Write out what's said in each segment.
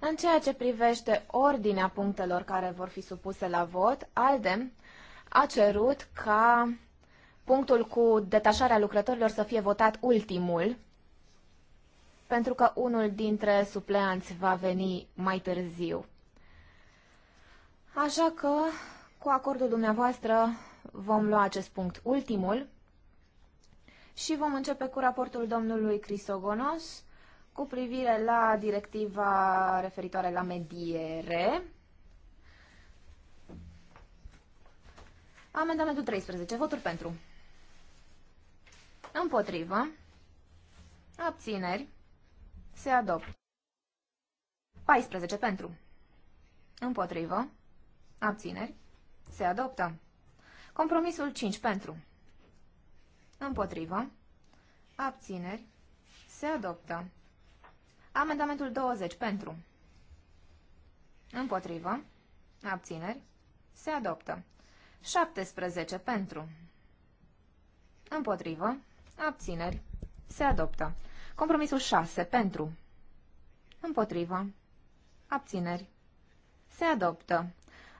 În ceea ce privește ordinea punctelor care vor fi supuse la vot, ALDE a cerut ca punctul cu detașarea lucrătorilor să fie votat ultimul, pentru că unul dintre supleanți va veni mai târziu. Așa că, cu acordul dumneavoastră, vom lua acest punct ultimul și vom începe cu raportul domnului Crisogonos cu privire la directiva referitoare la mediere. Amendamentul 13. Voturi pentru. Împotrivă. Abțineri. Se adoptă. 14 pentru. Împotrivă. Abțineri. Se adoptă. Compromisul 5 pentru. Împotrivă. Abțineri. Se adoptă. Amendamentul 20 pentru. Împotrivă. Abțineri. Se adoptă. 17 pentru. Împotrivă. Abțineri. Se adoptă. Compromisul 6 pentru. Împotrivă. Abțineri. Se adoptă.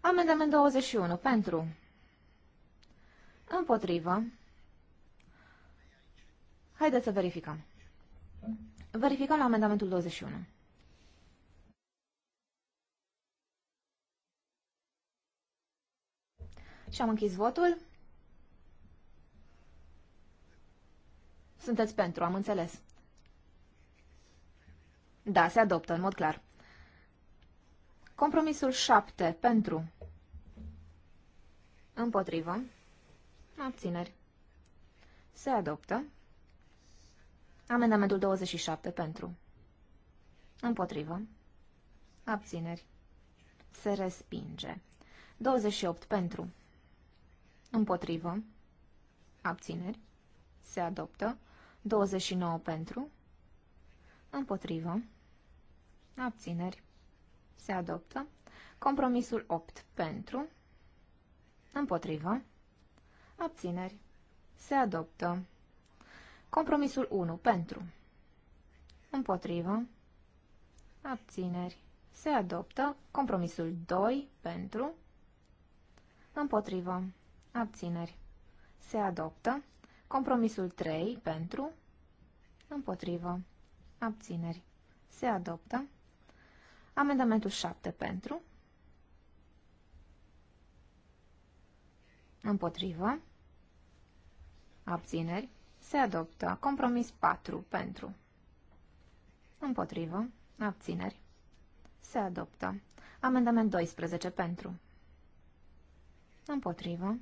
Amendament 21 pentru. Împotrivă. Haideți să verificăm. Verificăm la amendamentul 21. Și am închis votul. Sunteți pentru, am înțeles. Da, se adoptă, în mod clar. Compromisul 7, pentru. Împotrivă. Abțineri. Se adoptă. Amendamentul 27 pentru. Împotrivă. Abțineri. Se respinge. 28 pentru. Împotrivă. Abțineri. Se adoptă. 29 pentru. Împotrivă. Abțineri. Se adoptă. Compromisul 8 pentru. Împotrivă. Abțineri. Se adoptă. Compromisul 1. Pentru. Împotrivă. Abțineri. Se adoptă. Compromisul 2. Pentru. Împotrivă. Abțineri. Se adoptă. Compromisul 3. Pentru. Împotrivă. Abțineri. Se adoptă. Amendamentul 7. Pentru. Împotrivă. Abțineri. Se adoptă. Compromis 4. Pentru. Împotrivă. Abțineri. Se adoptă. Amendament 12. Pentru. Împotrivă.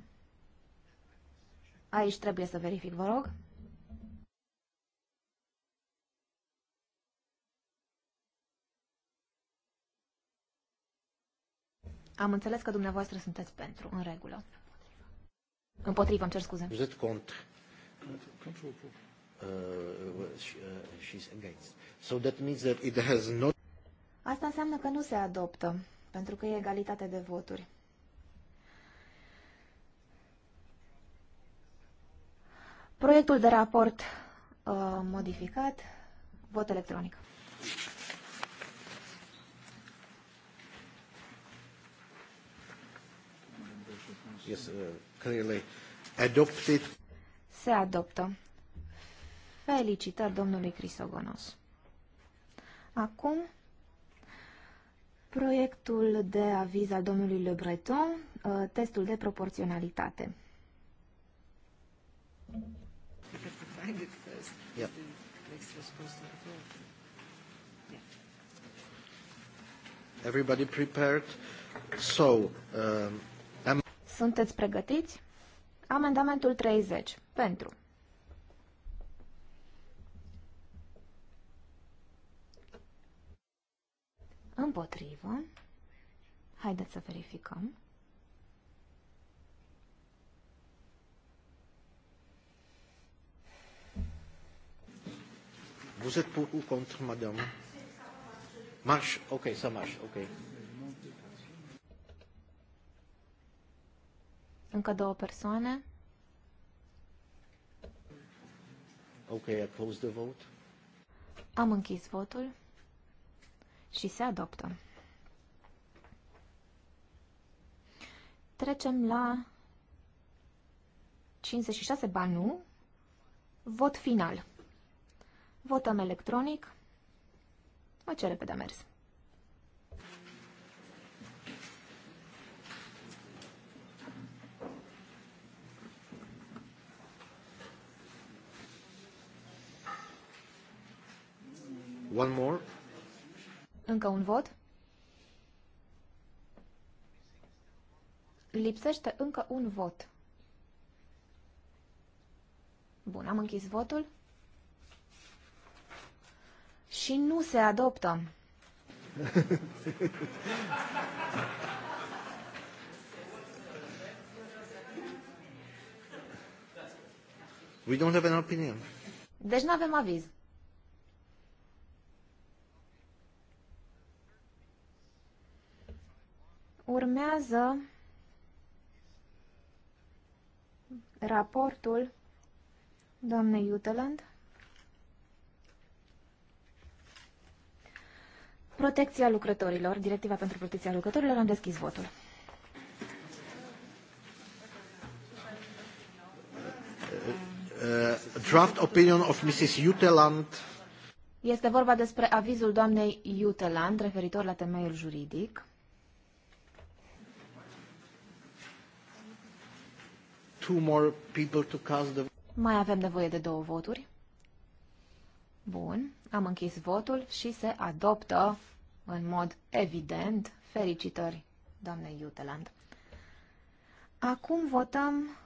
Aici trebuie să verific, vă rog. Am înțeles că dumneavoastră sunteți pentru, în regulă. Împotrivă, îmi cer scuze. Vous êtes Asta înseamnă că nu se adoptă, pentru că e egalitate de voturi. Proiectul de raport uh, modificat, vot electronic. Yes, uh, clearly adopted. Se adoptă. Felicitări domnului Crisogonos. Acum, proiectul de aviz al domnului Le Breton, uh, testul de proporționalitate. Everybody prepared? So, um, am... Sunteți pregătiți? Amendamentul 30. Pentru. Împotrivă. Haideți să verificăm. Vous êtes pour ou contre, madame Marche Ok, ça marche, ok. Încă două persoane. Okay, I close the vote. Am închis votul și se adoptă. Trecem la 56 banu, vot final. Votăm electronic. Mă ce repede a mers. One more. Încă un vot? Lipsește încă un vot. Bun, am închis votul. Și nu se adoptă. We don't have an opinion. Deci nu avem aviz. Urmează raportul doamnei Uteland. Protecția lucrătorilor, directiva pentru protecția lucrătorilor, am deschis votul. Uh, draft opinion of Mrs. Uteland. Este vorba despre avizul doamnei Uteland referitor la temeiul juridic. two more people to cast the... Mai avem nevoie de două voturi. Bun, am închis votul și se adoptă în mod evident. Felicitări, doamne Iuteland. Acum votăm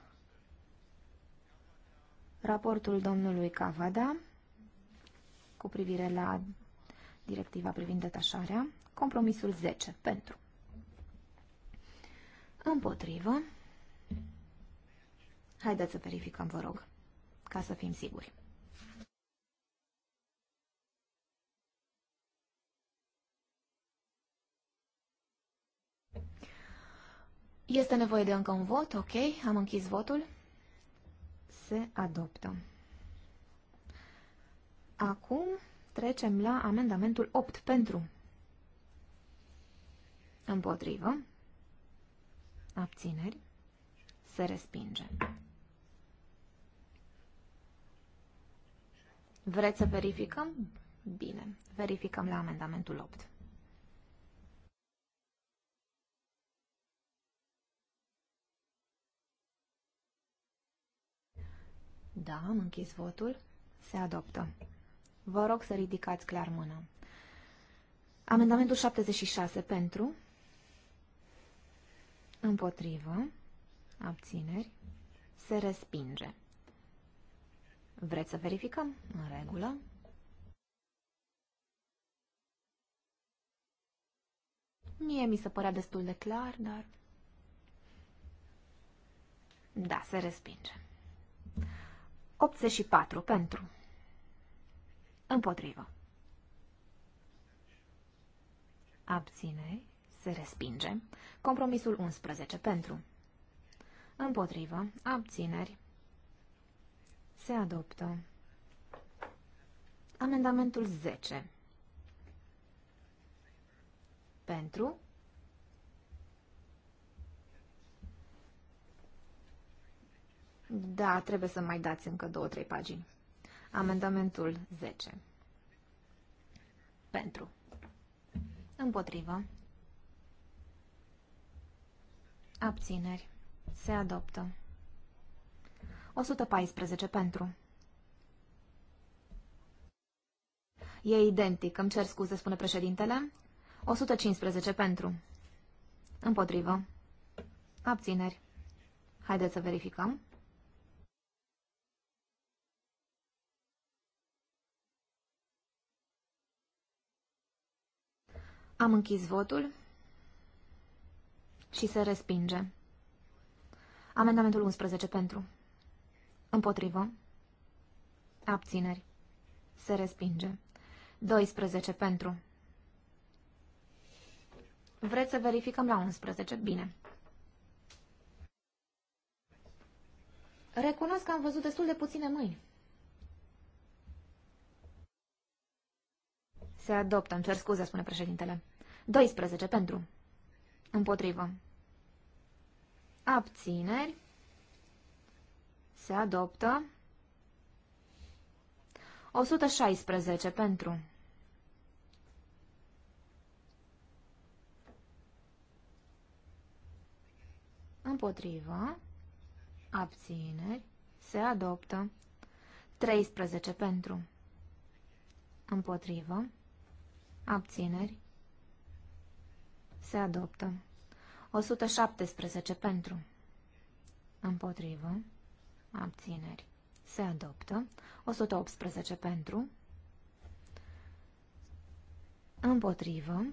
raportul domnului Cavada cu privire la directiva privind detașarea, compromisul 10 pentru. Împotrivă. Haideți să verificăm, vă rog, ca să fim siguri. Este nevoie de încă un vot, ok, am închis votul. Se adoptă. Acum trecem la amendamentul 8 pentru. Împotrivă. Abțineri. Se respinge. Vreți să verificăm? Bine, verificăm la amendamentul 8. Da, am închis votul. Se adoptă. Vă rog să ridicați clar mâna. Amendamentul 76 pentru. Împotrivă. Abțineri. Se respinge. Vreți să verificăm? În regulă. Mie mi se părea destul de clar, dar... Da, se respinge. 84 pentru. Împotrivă. Abține, Se respinge. Compromisul 11 pentru. Împotrivă. Abțineri. Se adoptă. Amendamentul 10. Pentru. Da, trebuie să mai dați încă două, trei pagini. Amendamentul 10. Pentru. Împotrivă. Abțineri. Se adoptă. 114 pentru. E identic, îmi cer scuze, spune președintele. 115 pentru. Împotrivă. Abțineri. Haideți să verificăm. Am închis votul și se respinge. Amendamentul 11 pentru. Împotrivă. Abțineri. Se respinge. 12 pentru. Vreți să verificăm la 11? Bine. Recunosc că am văzut destul de puține mâini. Se adoptă, îmi cer scuze, spune președintele. 12 pentru. Împotrivă. Abțineri. Se adoptă. 116 pentru. Împotrivă. Abțineri. Se adoptă. 13 pentru. Împotrivă. Abțineri. Se adoptă. 117 pentru. Împotrivă abțineri, se adoptă. 118 pentru, împotrivă,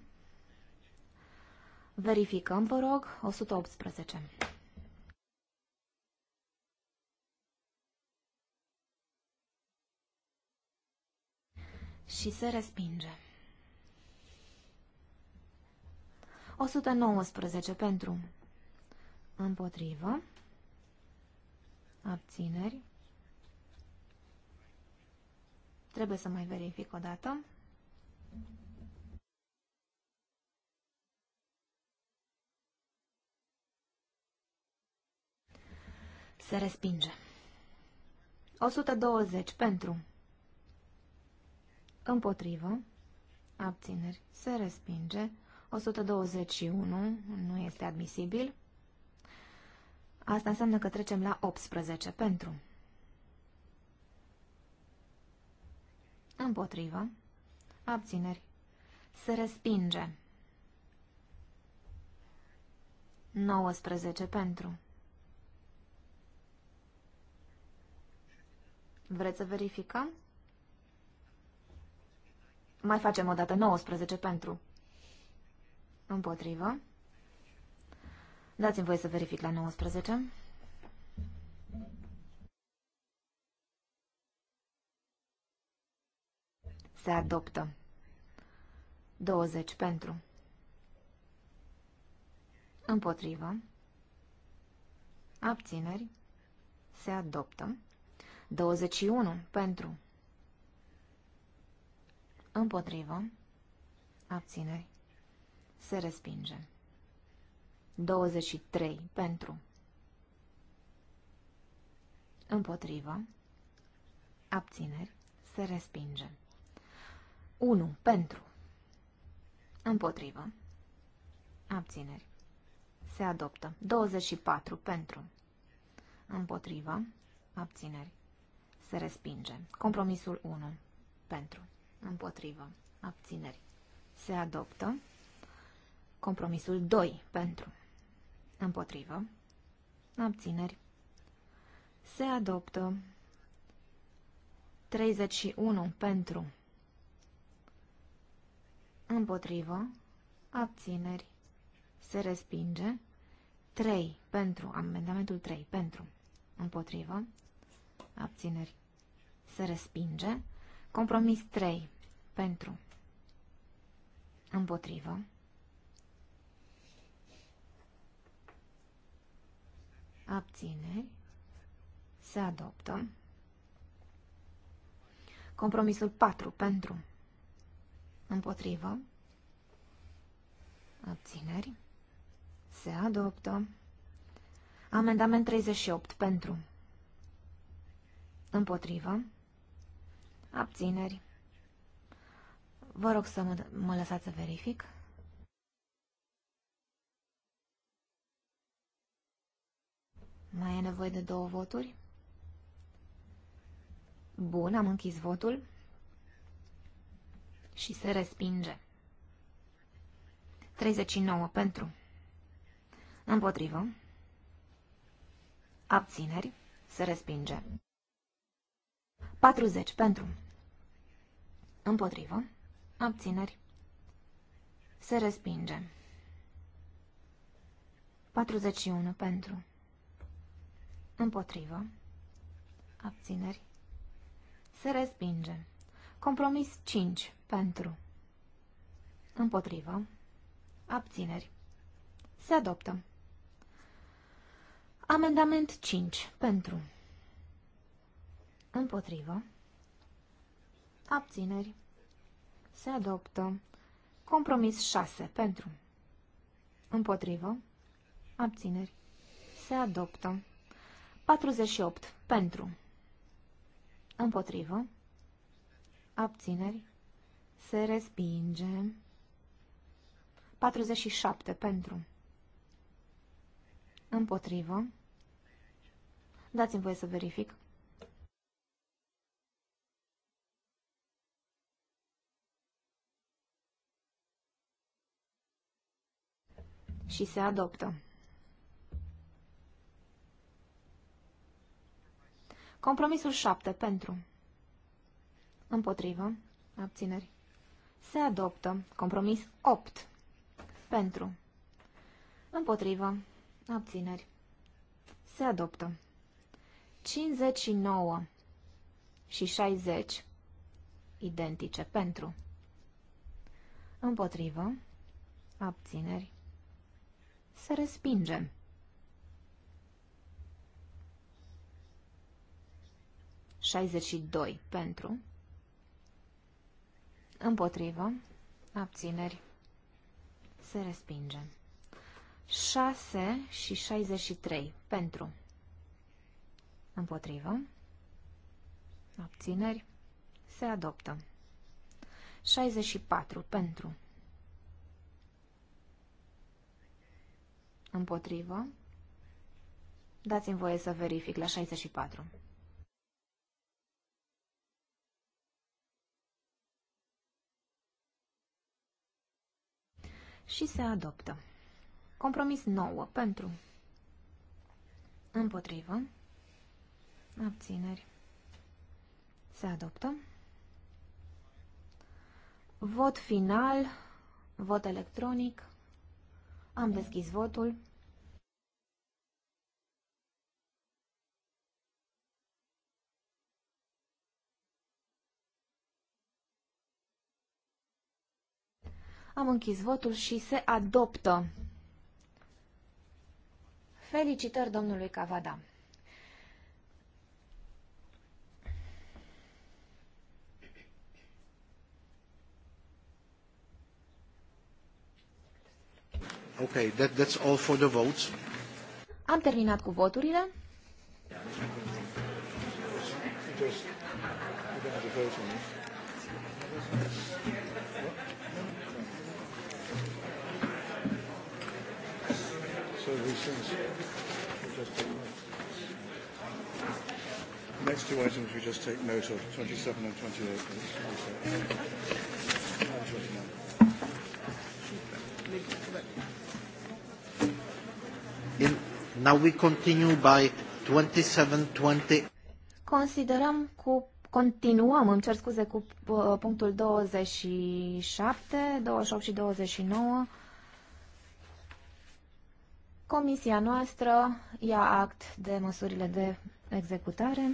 verificăm, vă rog, 118. și se respinge. 119 pentru împotrivă, abțineri. Trebuie să mai verific o dată. Se respinge. 120 pentru. Împotrivă. Abțineri. Se respinge. 121 nu este admisibil. Asta înseamnă că trecem la 18 pentru. Împotrivă. Abțineri. Se respinge. 19 pentru. Vreți să verificăm? Mai facem o dată 19 pentru. Împotrivă. Dați-mi voie să verific la 19. Se adoptă. 20 pentru. Împotrivă. Abțineri. Se adoptă. 21 pentru. Împotrivă. Abțineri. Se respinge. 23 pentru. Împotrivă. Abțineri. Se respinge. 1 pentru. Împotrivă. Abțineri. Se adoptă. 24 pentru. Împotrivă. Abțineri. Se respinge. Compromisul 1 pentru. Împotrivă. Abțineri. Se adoptă. Compromisul 2 pentru. Împotrivă. Abțineri. Se adoptă. 31 pentru. Împotrivă. Abțineri. Se respinge. 3 pentru. Amendamentul 3 pentru. Împotrivă. Abțineri. Se respinge. Compromis 3 pentru. Împotrivă. abțineri, se adoptă. Compromisul 4 pentru, împotrivă, abțineri, se adoptă. Amendament 38 pentru, împotrivă, abțineri. Vă rog să mă, mă lăsați să verific. Mai e nevoie de două voturi? Bun, am închis votul și se respinge. 39 pentru. Împotrivă. Abțineri. Se respinge. 40 pentru. Împotrivă. Abțineri. Se respinge. 41 pentru. Împotrivă. Abțineri. Se respinge. Compromis 5. Pentru. Împotrivă. Abțineri. Se adoptă. Amendament 5. Pentru. Împotrivă. Abțineri. Se adoptă. Compromis 6. Pentru. Împotrivă. Abțineri. Se adoptă. 48. Pentru. Împotrivă. Abțineri. Se respinge. 47. Pentru. Împotrivă. Dați-mi voie să verific. Și se adoptă. Compromisul 7. Pentru. Împotrivă. Abțineri. Se adoptă. Compromis 8. Pentru. Împotrivă. Abțineri. Se adoptă. 59 și 60 identice pentru. Împotrivă. Abțineri. Se respinge. 62 pentru, împotrivă, abțineri, se respinge. 6 și 63 pentru, împotrivă, abțineri, se adoptă. 64 pentru, împotrivă, dați-mi voie să verific la 64. și se adoptă. Compromis 9 pentru împotrivă abțineri se adoptă. Vot final, vot electronic. Am deschis votul. Am închis votul și se adoptă. Felicitări domnului Cavada. Okay, that, that's all for the votes. Am terminat cu voturile. Just, Next two items we just take note of, 27 and 28. now we continue by 27, 20. Considerăm cu continuăm, îmi cer scuze, cu uh, punctul 27, 28 și 29 Comisia noastră ia act de măsurile de executare.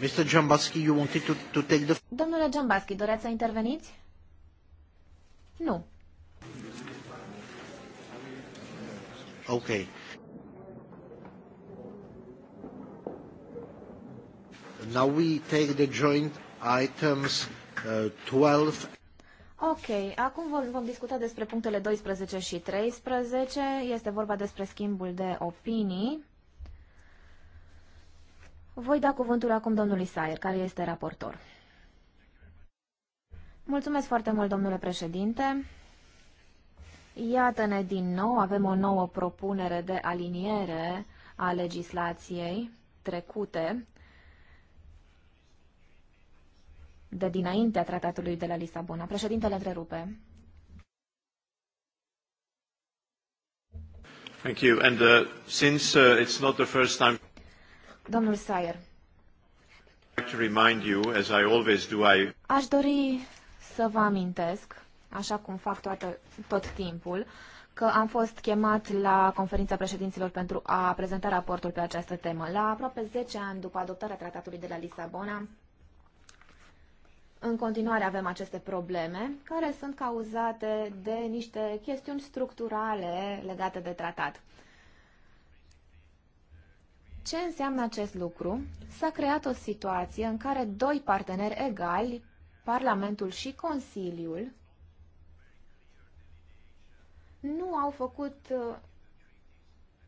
Mr. Jambaski, you wanted to, to take the... Domnule Jambaski, doreați să interveniți? Nu. Okay. Now we take the joint items uh, 12. Ok, acum vom, vom discuta despre punctele 12 și 13. Este vorba despre schimbul de opinii. Voi da cuvântul acum domnului Sayer, care este raportor. Mulțumesc foarte mult, domnule președinte. Iată-ne din nou, avem o nouă propunere de aliniere a legislației trecute de dinaintea tratatului de la Lisabona. Președintele întrerupe. Thank you. And uh, since uh, it's not the first time... Domnul Sayer. To remind you, as I always do, I... Aș dori să vă amintesc, așa cum fac toată, tot timpul, că am fost chemat la conferința președinților pentru a prezenta raportul pe această temă. La aproape 10 ani după adoptarea tratatului de la Lisabona, în continuare avem aceste probleme care sunt cauzate de niște chestiuni structurale legate de tratat. Ce înseamnă acest lucru? S-a creat o situație în care doi parteneri egali, Parlamentul și Consiliul, nu au făcut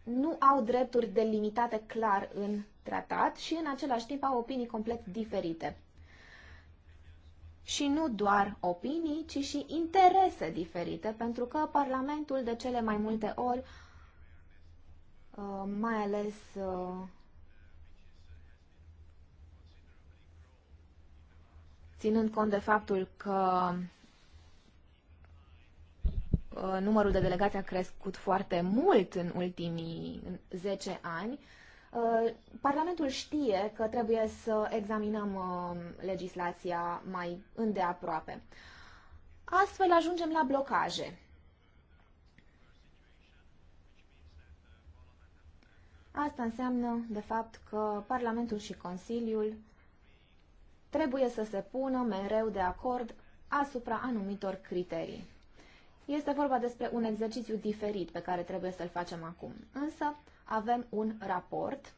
nu au drepturi delimitate clar în tratat și în același timp au opinii complet diferite și nu doar opinii, ci și interese diferite, pentru că Parlamentul de cele mai multe ori, uh, mai ales uh, ținând cont de faptul că uh, numărul de delegații a crescut foarte mult în ultimii 10 ani, Uh, Parlamentul știe că trebuie să examinăm uh, legislația mai îndeaproape. Astfel ajungem la blocaje. Asta înseamnă, de fapt, că Parlamentul și Consiliul trebuie să se pună mereu de acord asupra anumitor criterii. Este vorba despre un exercițiu diferit pe care trebuie să-l facem acum. Însă, avem un raport,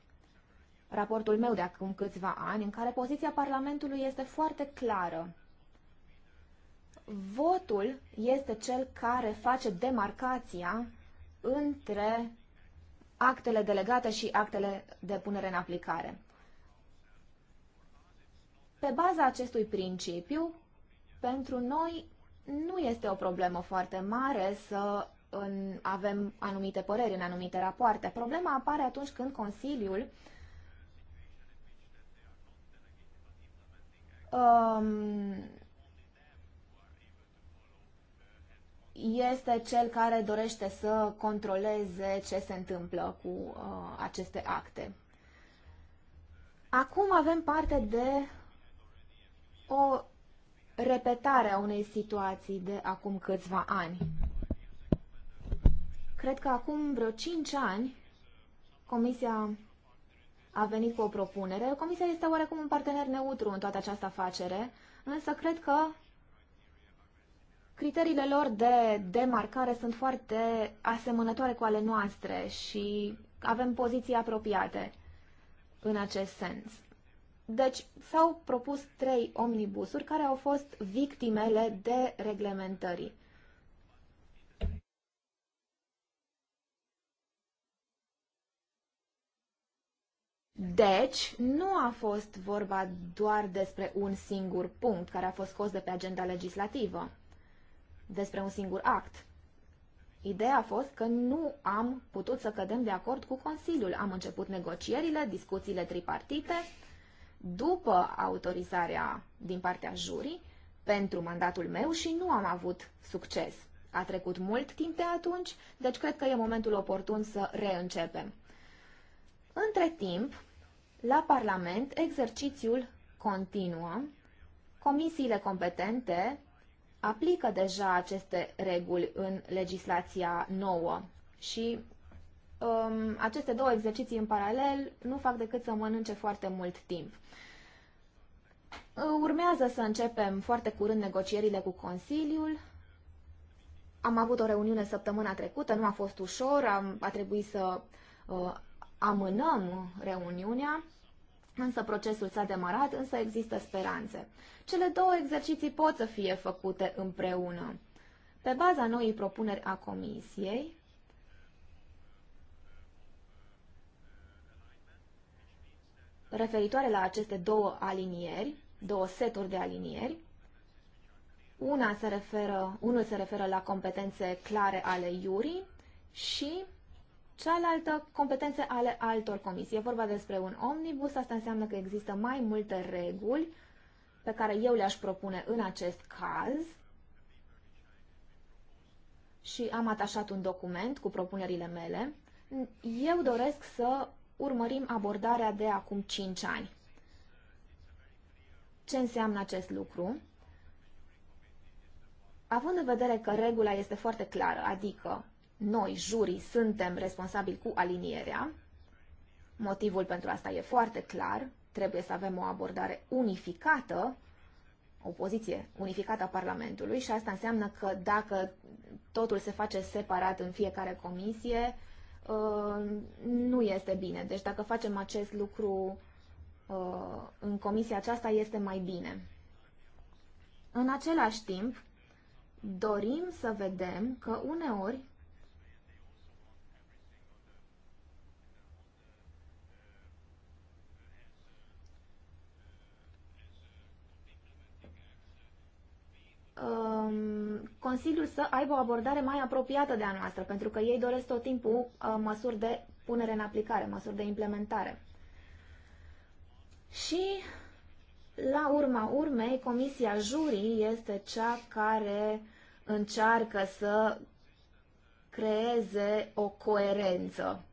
raportul meu de acum câțiva ani, în care poziția Parlamentului este foarte clară. Votul este cel care face demarcația între actele delegate și actele de punere în aplicare. Pe baza acestui principiu, pentru noi nu este o problemă foarte mare să în, avem anumite păreri în anumite rapoarte. Problema apare atunci când Consiliul um, este cel care dorește să controleze ce se întâmplă cu uh, aceste acte. Acum avem parte de o repetare a unei situații de acum câțiva ani. Cred că acum vreo 5 ani Comisia a venit cu o propunere. Comisia este oarecum un partener neutru în toată această afacere, însă cred că criteriile lor de demarcare sunt foarte asemănătoare cu ale noastre și avem poziții apropiate în acest sens. Deci s-au propus trei omnibusuri care au fost victimele de reglementării. Deci, nu a fost vorba doar despre un singur punct care a fost scos de pe agenda legislativă, despre un singur act. Ideea a fost că nu am putut să cădem de acord cu Consiliul. Am început negocierile, discuțiile tripartite, după autorizarea din partea jurii pentru mandatul meu și nu am avut succes. A trecut mult timp de atunci, deci cred că e momentul oportun să reîncepem. Între timp, la Parlament, exercițiul continuă. Comisiile competente aplică deja aceste reguli în legislația nouă și um, aceste două exerciții în paralel nu fac decât să mănânce foarte mult timp. Uh, urmează să începem foarte curând negocierile cu Consiliul. Am avut o reuniune săptămâna trecută, nu a fost ușor, am, a trebuit să uh, amânăm reuniunea, însă procesul s-a demarat, însă există speranțe. Cele două exerciții pot să fie făcute împreună. Pe baza noii propuneri a Comisiei, referitoare la aceste două alinieri, două seturi de alinieri, una se referă, unul se referă la competențe clare ale iurii și cealaltă competențe ale altor comisii. E vorba despre un omnibus, asta înseamnă că există mai multe reguli pe care eu le-aș propune în acest caz și am atașat un document cu propunerile mele. Eu doresc să urmărim abordarea de acum 5 ani. Ce înseamnă acest lucru? Având în vedere că regula este foarte clară, adică noi, jurii, suntem responsabili cu alinierea. Motivul pentru asta e foarte clar. Trebuie să avem o abordare unificată, o poziție unificată a Parlamentului și asta înseamnă că dacă totul se face separat în fiecare comisie, uh, nu este bine. Deci dacă facem acest lucru uh, în comisia aceasta, este mai bine. În același timp, dorim să vedem că uneori um, Consiliul să aibă o abordare mai apropiată de a noastră, pentru că ei doresc tot timpul uh, măsuri de punere în aplicare, măsuri de implementare. Și la urma urmei, Comisia Jurii este cea care încearcă să creeze o coerență.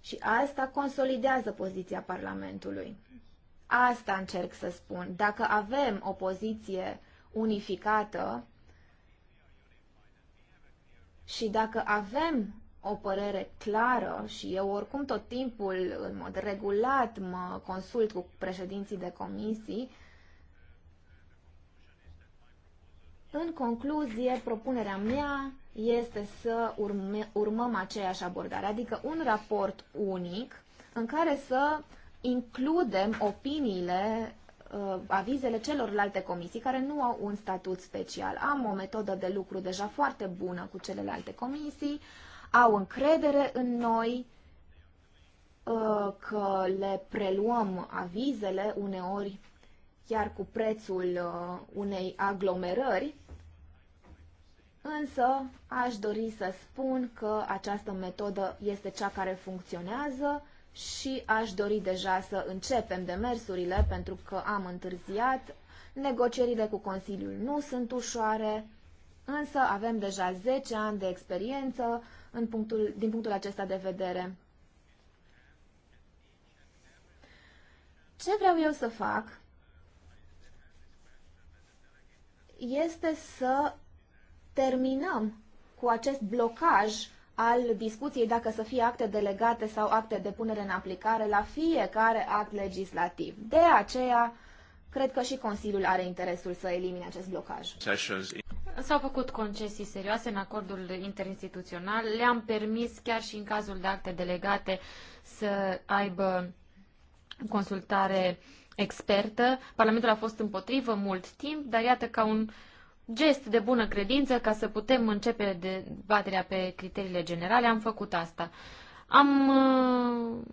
Și asta consolidează poziția Parlamentului. Asta încerc să spun. Dacă avem o poziție unificată și dacă avem o părere clară și eu oricum tot timpul, în mod regulat, mă consult cu președinții de comisii, în concluzie, propunerea mea este să urme, urmăm aceeași abordare, adică un raport unic în care să includem opiniile uh, avizele celorlalte comisii care nu au un statut special. Am o metodă de lucru deja foarte bună cu celelalte comisii, au încredere în noi uh, că le preluăm avizele uneori chiar cu prețul uh, unei aglomerări, însă aș dori să spun că această metodă este cea care funcționează și aș dori deja să începem demersurile pentru că am întârziat. Negocierile cu Consiliul nu sunt ușoare, însă avem deja 10 ani de experiență în punctul, din punctul acesta de vedere. Ce vreau eu să fac este să terminăm cu acest blocaj al discuției dacă să fie acte delegate sau acte de punere în aplicare la fiecare act legislativ. De aceea, cred că și Consiliul are interesul să elimine acest blocaj. S-au făcut concesii serioase în acordul interinstituțional. Le-am permis, chiar și în cazul de acte delegate, să aibă consultare expertă. Parlamentul a fost împotrivă mult timp, dar iată ca un uh, gest de bună credință ca să putem începe dezbaterea pe criteriile generale. Am făcut asta. Am uh,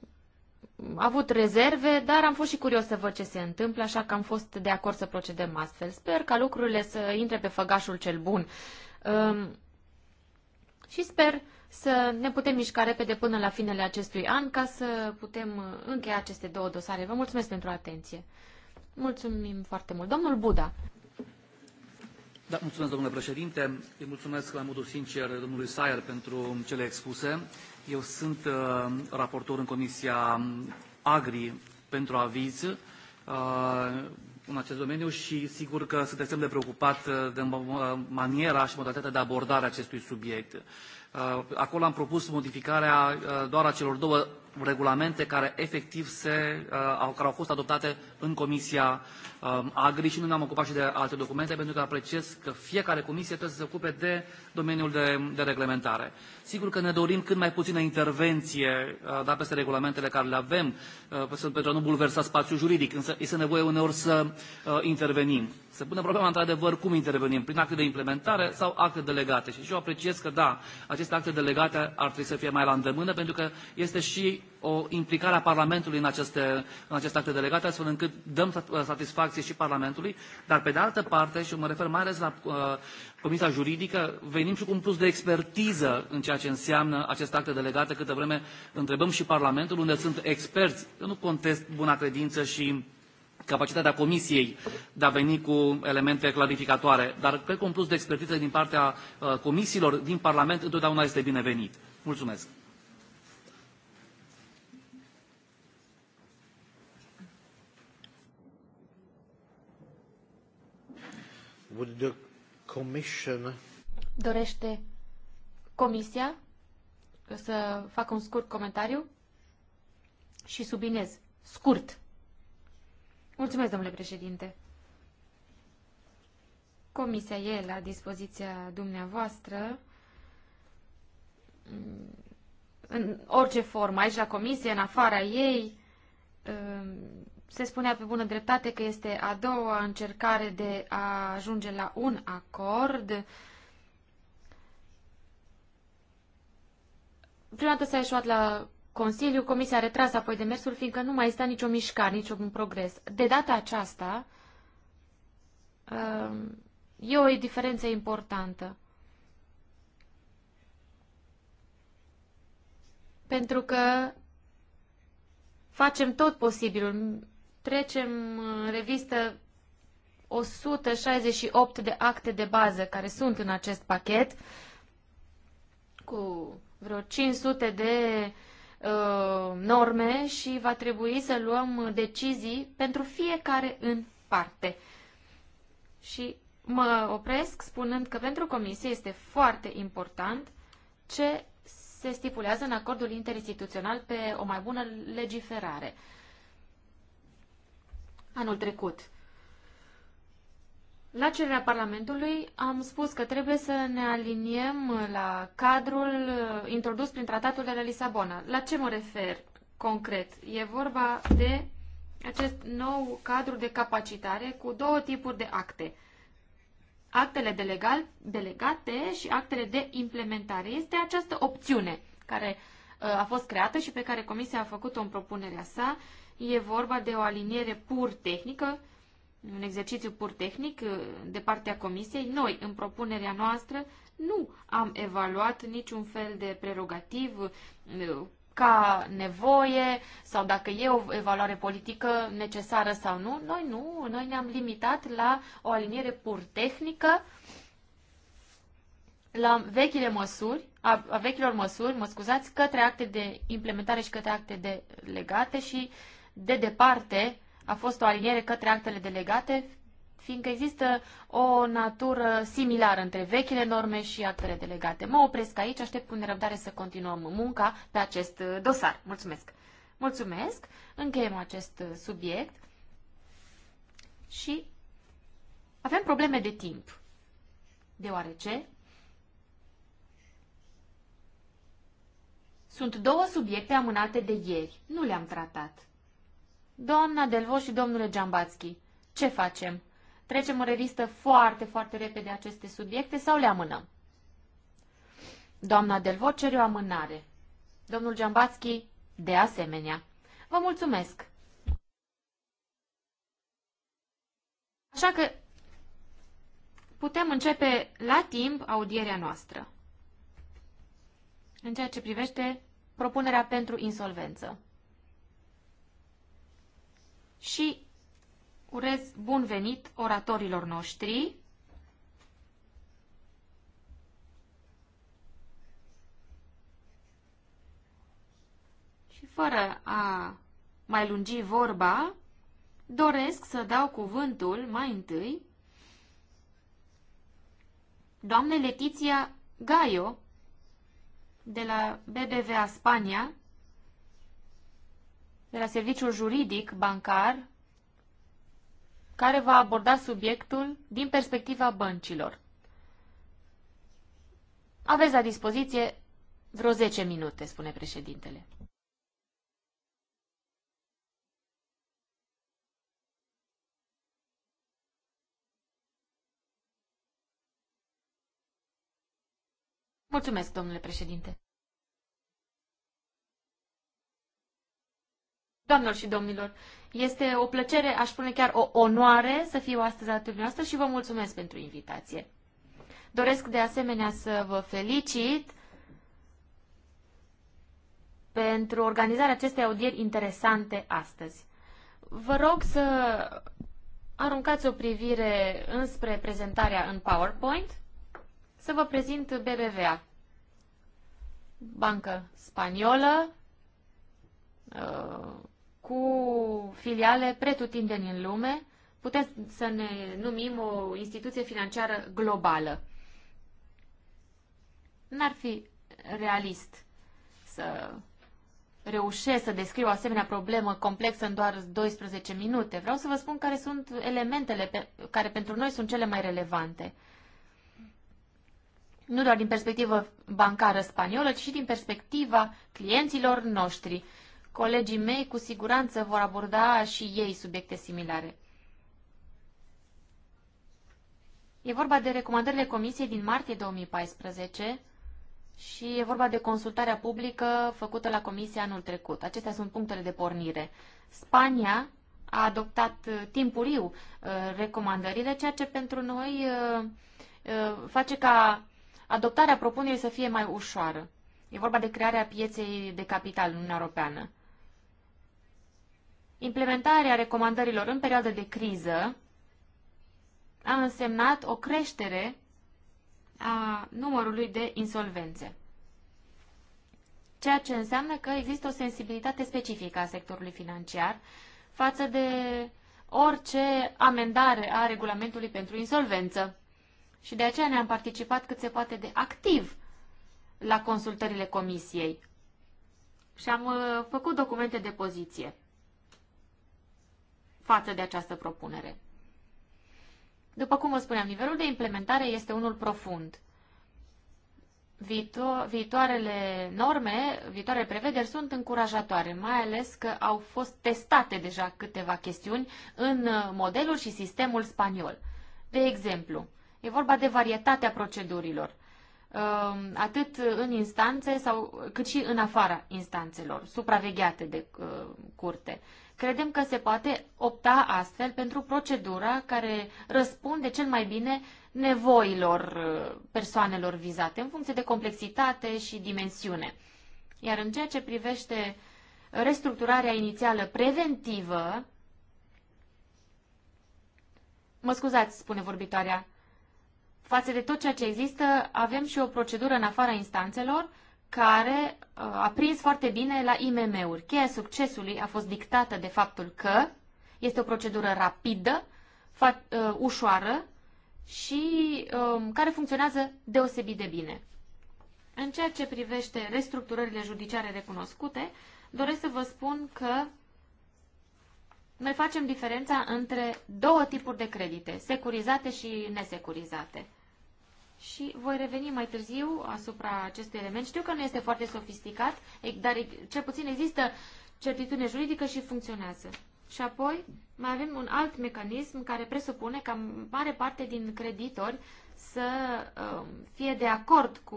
avut rezerve, dar am fost și curios să văd ce se întâmplă, așa că am fost de acord să procedăm astfel. Sper ca lucrurile să intre pe făgașul cel bun. Uh, și sper să ne putem mișca repede până la finele acestui an ca să putem încheia aceste două dosare. Vă mulțumesc pentru atenție. Mulțumim foarte mult. Domnul Buda. Da, mulțumesc, domnule președinte. Îi mulțumesc la modul sincer domnului Sayer pentru cele expuse. Eu sunt uh, raportor în Comisia Agri pentru aviz uh, în acest domeniu și sigur că sunt extrem de preocupat uh, de uh, maniera și modalitatea de abordare a acestui subiect. Uh, acolo am propus modificarea doar a celor două regulamente care efectiv se, uh, au, care au fost adoptate în Comisia uh, Agri și nu ne-am ocupat și de alte documente pentru că apreciez că fiecare comisie trebuie să se ocupe de domeniul de, de reglementare. Sigur că ne dorim cât mai puțină intervenție uh, da, peste regulamentele care le avem pentru a nu bulversa spațiul juridic, însă este nevoie uneori să intervenim. Se pune problema, într-adevăr, cum intervenim, prin acte de implementare sau acte delegate. Și eu apreciez că, da, aceste acte delegate ar trebui să fie mai la îndemână, pentru că este și o implicare a Parlamentului în aceste, în aceste acte delegate, astfel încât dăm uh, satisfacție și Parlamentului, dar, pe de altă parte, și mă refer mai ales la uh, Comisia Juridică, venim și cu un plus de expertiză în ceea ce înseamnă aceste acte delegate, câtă vreme întrebăm și Parlamentul, unde sunt experți. Eu nu contest buna credință și capacitatea Comisiei de a veni cu elemente clarificatoare. Dar cred că un plus de expertiză din partea uh, comisiilor din Parlament întotdeauna este binevenit. Mulțumesc! Would the commission... Dorește Comisia să facă un scurt comentariu și subliniez scurt. Mulțumesc, domnule președinte. Comisia e la dispoziția dumneavoastră în orice formă, aici la comisie, în afara ei. Um, se spunea pe bună dreptate că este a doua încercare de a ajunge la un acord. Prima dată s-a ieșuat la Consiliu, Comisia a retras apoi demersul, fiindcă nu mai exista nicio mișcare, niciun progres. De data aceasta, um, e o diferență importantă. Pentru că facem tot posibilul. Trecem în revistă 168 de acte de bază care sunt în acest pachet, cu vreo 500 de Uh, norme și va trebui să luăm decizii pentru fiecare în parte. Și mă opresc spunând că pentru Comisie este foarte important ce se stipulează în acordul interinstituțional pe o mai bună legiferare. Anul trecut la cererea Parlamentului am spus că trebuie să ne aliniem la cadrul uh, introdus prin tratatul de la Lisabona. La ce mă refer concret? E vorba de acest nou cadru de capacitare cu două tipuri de acte. Actele de legal delegate și actele de implementare. Este această opțiune care uh, a fost creată și pe care Comisia a făcut-o în propunerea sa. E vorba de o aliniere pur tehnică un exercițiu pur tehnic uh, de partea comisiei, noi, în propunerea noastră, nu am evaluat niciun fel de prerogativ uh, ca nevoie sau dacă e o evaluare politică necesară sau nu. Noi nu, noi ne-am limitat la o aliniere pur tehnică, la vechile măsuri, a, a vechilor măsuri, mă scuzați, către acte de implementare și către acte de legate și de departe uh, a fost o aliniere către actele delegate, fiindcă există o natură similară între vechile norme și actele delegate. Mă opresc aici, aștept cu nerăbdare să continuăm munca pe acest uh, dosar. Mulțumesc! Mulțumesc! Încheiem acest uh, subiect și avem probleme de timp, deoarece sunt două subiecte amânate de ieri. Nu le-am tratat. Doamna Delvo și domnule Giambatski, ce facem? Trecem o revistă foarte, foarte repede aceste subiecte sau le amânăm? Doamna Delvo cere o amânare. Domnul Giambatski, de asemenea. Vă mulțumesc! Așa că putem începe la timp audierea noastră în ceea ce privește propunerea pentru insolvență și urez bun venit oratorilor noștri. Și fără a mai lungi vorba, doresc să dau cuvântul mai întâi doamnei Letizia Gaio de la BBVA Spania, de la serviciul juridic bancar care va aborda subiectul din perspectiva băncilor. Aveți la dispoziție vreo 10 minute, spune președintele. Mulțumesc, domnule președinte. Doamnelor și domnilor, este o plăcere, aș spune chiar o onoare să fiu astăzi alături noastră și vă mulțumesc pentru invitație. Doresc de asemenea să vă felicit pentru organizarea acestei audieri interesante astăzi. Vă rog să aruncați o privire înspre prezentarea în PowerPoint, să vă prezint BBVA, bancă spaniolă, uh, cu filiale pretutindeni în lume. Putem să ne numim o instituție financiară globală. N-ar fi realist să reușesc să descriu o asemenea problemă complexă în doar 12 minute. Vreau să vă spun care sunt elementele pe, care pentru noi sunt cele mai relevante. Nu doar din perspectivă bancară spaniolă, ci și din perspectiva clienților noștri. Colegii mei cu siguranță vor aborda și ei subiecte similare. E vorba de recomandările Comisiei din martie 2014 și e vorba de consultarea publică făcută la Comisia anul trecut. Acestea sunt punctele de pornire. Spania a adoptat uh, timpuriu uh, recomandările, ceea ce pentru noi uh, face ca adoptarea propunerii să fie mai ușoară. E vorba de crearea pieței de capital în Uniunea Europeană. Implementarea recomandărilor în perioada de criză a însemnat o creștere a numărului de insolvențe, ceea ce înseamnă că există o sensibilitate specifică a sectorului financiar față de orice amendare a regulamentului pentru insolvență. Și de aceea ne-am participat cât se poate de activ la consultările comisiei și am uh, făcut documente de poziție față de această propunere. După cum vă spuneam, nivelul de implementare este unul profund. Viito- viitoarele norme, viitoarele prevederi sunt încurajatoare, mai ales că au fost testate deja câteva chestiuni în modelul și sistemul spaniol. De exemplu, e vorba de varietatea procedurilor, um, atât în instanțe sau, cât și în afara instanțelor, supravegheate de uh, curte. Credem că se poate opta astfel pentru procedura care răspunde cel mai bine nevoilor uh, persoanelor vizate, în funcție de complexitate și dimensiune. Iar în ceea ce privește restructurarea inițială preventivă, mă scuzați, spune vorbitoarea, față de tot ceea ce există, avem și o procedură în afara instanțelor, care uh, a prins foarte bine la IMM-uri. Cheia succesului a fost dictată de faptul că este o procedură rapidă, uh, ușoară și um, care funcționează deosebit de bine. În ceea ce privește restructurările judiciare recunoscute, doresc să vă spun că noi facem diferența între două tipuri de credite, securizate și nesecurizate și voi reveni mai târziu asupra acestui element. Știu că nu este foarte sofisticat, dar cel puțin există certitudine juridică și funcționează. Și apoi mai avem un alt mecanism care presupune ca mare parte din creditori să um, fie de acord cu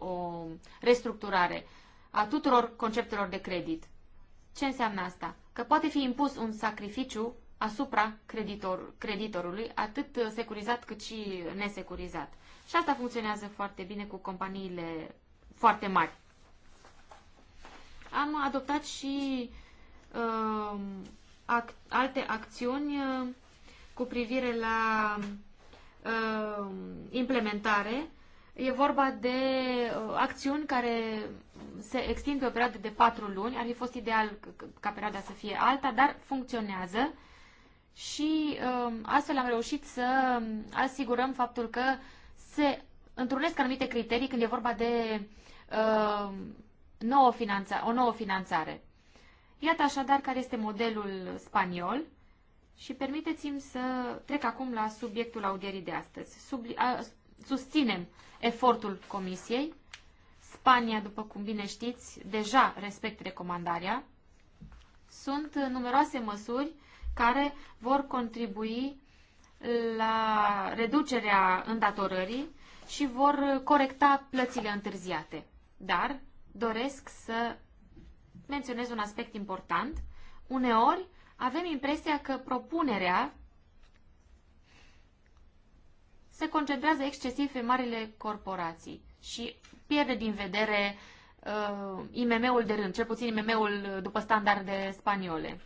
o restructurare a tuturor conceptelor de credit. Ce înseamnă asta? Că poate fi impus un sacrificiu asupra creditor, creditorului, atât securizat cât și nesecurizat. Și asta funcționează foarte bine cu companiile foarte mari. Am adoptat și uh, ac alte acțiuni uh, cu privire la uh, implementare. E vorba de uh, acțiuni care se extind pe o perioadă de patru luni. Ar fi fost ideal ca perioada să fie alta, dar funcționează. Și uh, astfel am reușit să asigurăm faptul că uh, se întrunesc anumite criterii când e vorba de uh, nouă finanța, o nouă finanțare. Iată așadar care este modelul spaniol și permiteți-mi să trec acum la subiectul audierii de astăzi. Sub, a, susținem efortul Comisiei. Spania, după cum bine știți, deja respectă recomandarea. Sunt numeroase măsuri care vor contribui la reducerea îndatorării și vor corecta plățile întârziate. Dar doresc să menționez un aspect important. Uneori avem impresia că propunerea se concentrează excesiv pe marile corporații și pierde din vedere uh, IMM-ul de rând, cel puțin IMM-ul după standarde spaniole.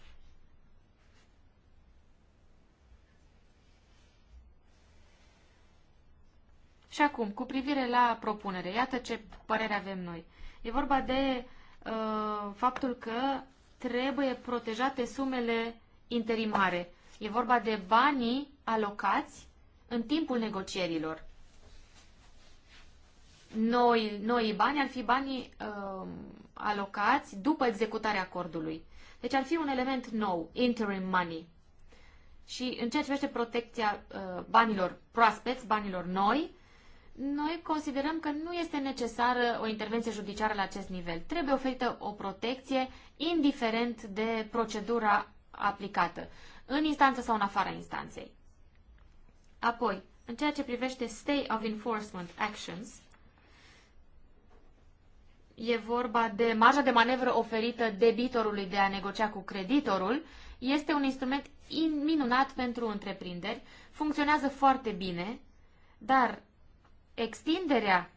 Și acum, cu privire la propunere, iată ce părere avem noi. E vorba de uh, faptul că trebuie protejate sumele interimare. E vorba de banii alocați în timpul negocierilor. Noi, noi bani ar fi banii uh, alocați după executarea acordului. Deci ar fi un element nou, interim money. Și în ceea ce privește protecția uh, banilor proaspeți, banilor noi, noi considerăm că nu este necesară o intervenție judiciară la acest nivel. Trebuie oferită o protecție indiferent de procedura aplicată, în instanță sau în afara instanței. Apoi, în ceea ce privește stay of enforcement actions, e vorba de marja de manevră oferită debitorului de a negocia cu creditorul, este un instrument minunat pentru întreprinderi, funcționează foarte bine, dar extinderea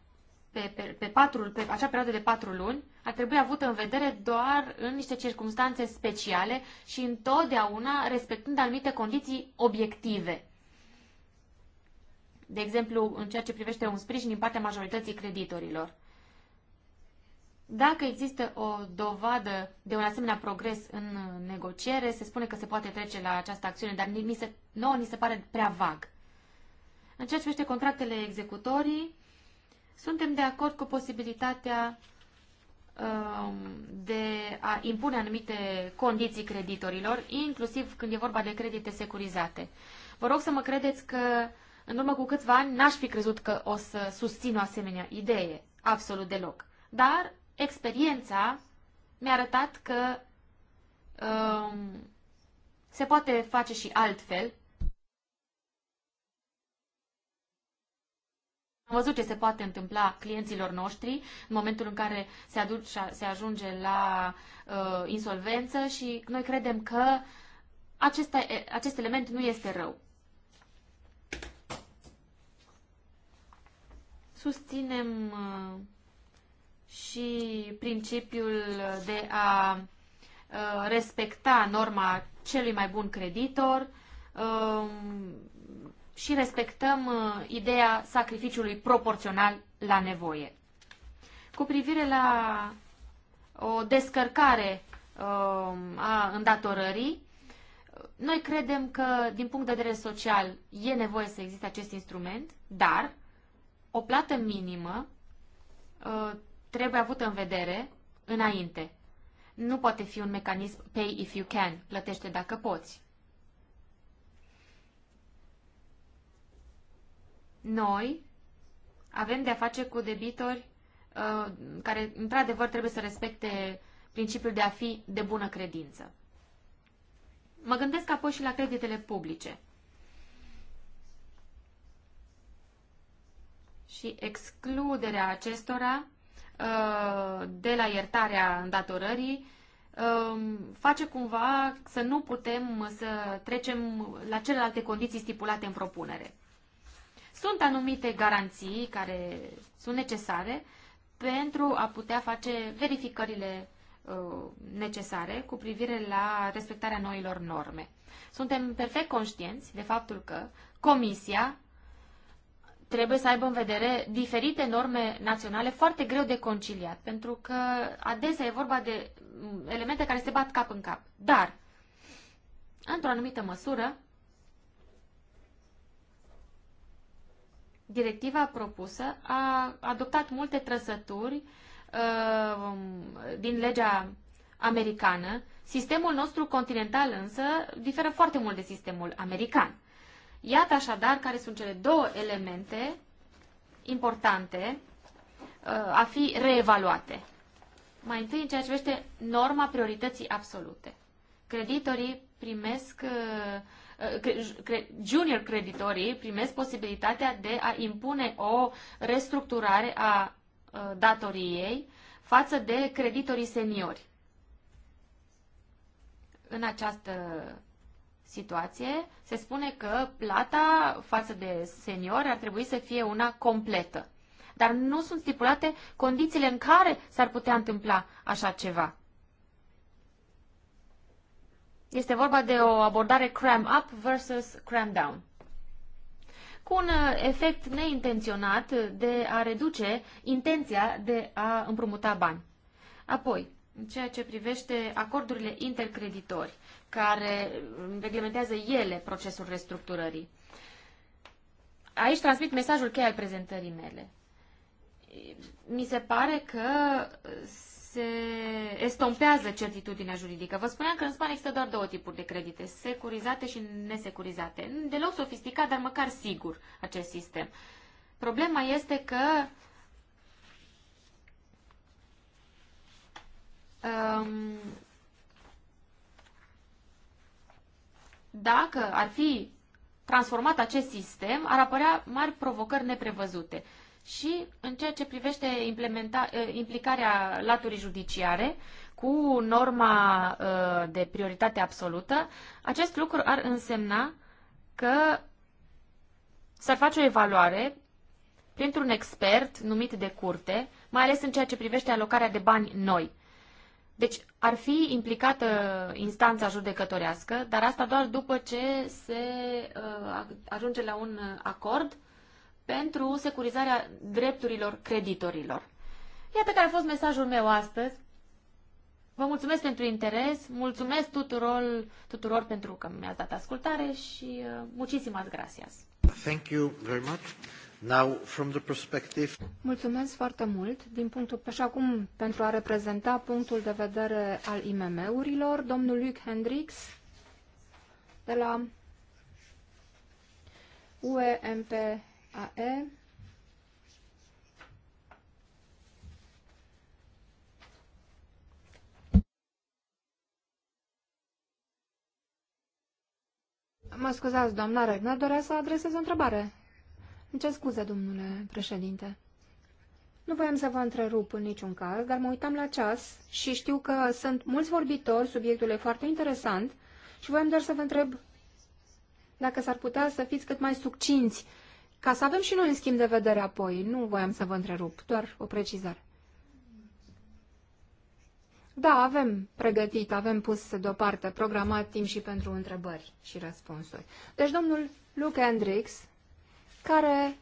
pe, pe, pe, patru, pe acea perioadă de patru luni ar trebui avută în vedere doar în niște circunstanțe speciale și întotdeauna respectând anumite condiții obiective. De exemplu, în ceea ce privește un sprijin din partea majorității creditorilor. Dacă există o dovadă de un asemenea progres în negociere, se spune că se poate trece la această acțiune, dar ni se, nouă ni se pare prea vag. În ceea ce privește contractele executorii, suntem de acord cu posibilitatea um, de a impune anumite condiții creditorilor, inclusiv când e vorba de credite securizate. Vă rog să mă credeți că în urmă cu câțiva ani n-aș fi crezut că o să susțin o asemenea idee, absolut deloc. Dar experiența mi-a arătat că um, se poate face și altfel Am văzut ce se poate întâmpla clienților noștri în momentul în care se, aduce, se ajunge la uh, insolvență și noi credem că acesta, acest element nu este rău. Susținem uh, și principiul de a uh, respecta norma celui mai bun creditor. Uh, și respectăm uh, ideea sacrificiului proporțional la nevoie. Cu privire la o descărcare um, a îndatorării, noi credem că, din punct de vedere social, e nevoie să existe acest instrument, dar o plată minimă uh, trebuie avută în vedere înainte. Nu poate fi un mecanism pay if you can, plătește dacă poți. noi avem de-a face cu debitori uh, care, într-adevăr, trebuie să respecte principiul de a fi de bună credință. Mă gândesc apoi și la creditele publice. Și excluderea acestora uh, de la iertarea îndatorării um, face cumva să nu putem să trecem la celelalte condiții stipulate în propunere. Sunt anumite garanții care sunt necesare pentru a putea face verificările uh, necesare cu privire la respectarea noilor norme. Suntem perfect conștienți de faptul că Comisia trebuie să aibă în vedere diferite norme naționale foarte greu de conciliat, pentru că adesea e vorba de mm, elemente care se bat cap în cap. Dar, într-o anumită măsură, directiva propusă a adoptat multe trăsături uh, um, din legea americană. Sistemul nostru continental însă diferă foarte mult de sistemul american. Iată așadar care sunt cele două elemente importante uh, a fi reevaluate. Mai întâi în ceea ce vește norma priorității absolute. Creditorii primesc uh, Uh, junior creditorii primesc posibilitatea de a impune o restructurare a uh, datoriei față de creditorii seniori. În această situație se spune că plata față de seniori ar trebui să fie una completă. Dar nu sunt stipulate condițiile în care s-ar putea întâmpla așa ceva. Este vorba de o abordare cram up versus cram down. Cu un uh, efect neintenționat de a reduce intenția de a împrumuta bani. Apoi, în ceea ce privește acordurile intercreditori, care uh, reglementează ele procesul restructurării. Aici transmit mesajul cheie al prezentării mele. Mi se pare că se estompează certitudinea juridică. Vă spuneam că în Spania există doar două tipuri de credite, securizate și nesecurizate. Deloc sofisticat, dar măcar sigur acest sistem. Problema este că um, dacă ar fi transformat acest sistem, ar apărea mari provocări neprevăzute. Uh, și în ceea ce privește ă, implicarea laturii judiciare cu norma ă, de prioritate absolută, acest lucru ar însemna că s-ar face o evaluare printr-un expert numit de curte, mai ales în ceea ce privește alocarea de bani noi. Deci ar fi implicată instanța judecătorească, dar asta doar după ce se ă, ajunge la un acord pentru securizarea drepturilor creditorilor. Iată care a fost mesajul meu astăzi. Vă mulțumesc pentru interes, mulțumesc tuturor, tuturor pentru că mi-ați dat ascultare și uh, muchísimas gracias. Thank you very much. Now, from the perspective... Mulțumesc foarte mult. Din punctul, și acum, pentru a reprezenta punctul de vedere al IMM-urilor, domnul Luc Hendrix de la UEMP AE. Mă scuzați, doamna Regna, dorea să adresez o întrebare. Îmi cer scuze, domnule președinte. Nu voiam să vă întrerup în niciun caz, dar mă uitam la ceas și știu că sunt mulți vorbitori, subiectul e foarte interesant și voiam doar să vă întreb dacă s-ar putea să fiți cât mai succinți ca să avem și noi un schimb de vedere apoi. Nu voiam să vă întrerup, doar o precizare. Da, avem pregătit, avem pus deoparte, programat timp și pentru întrebări și răspunsuri. Deci domnul Luke Hendrix, care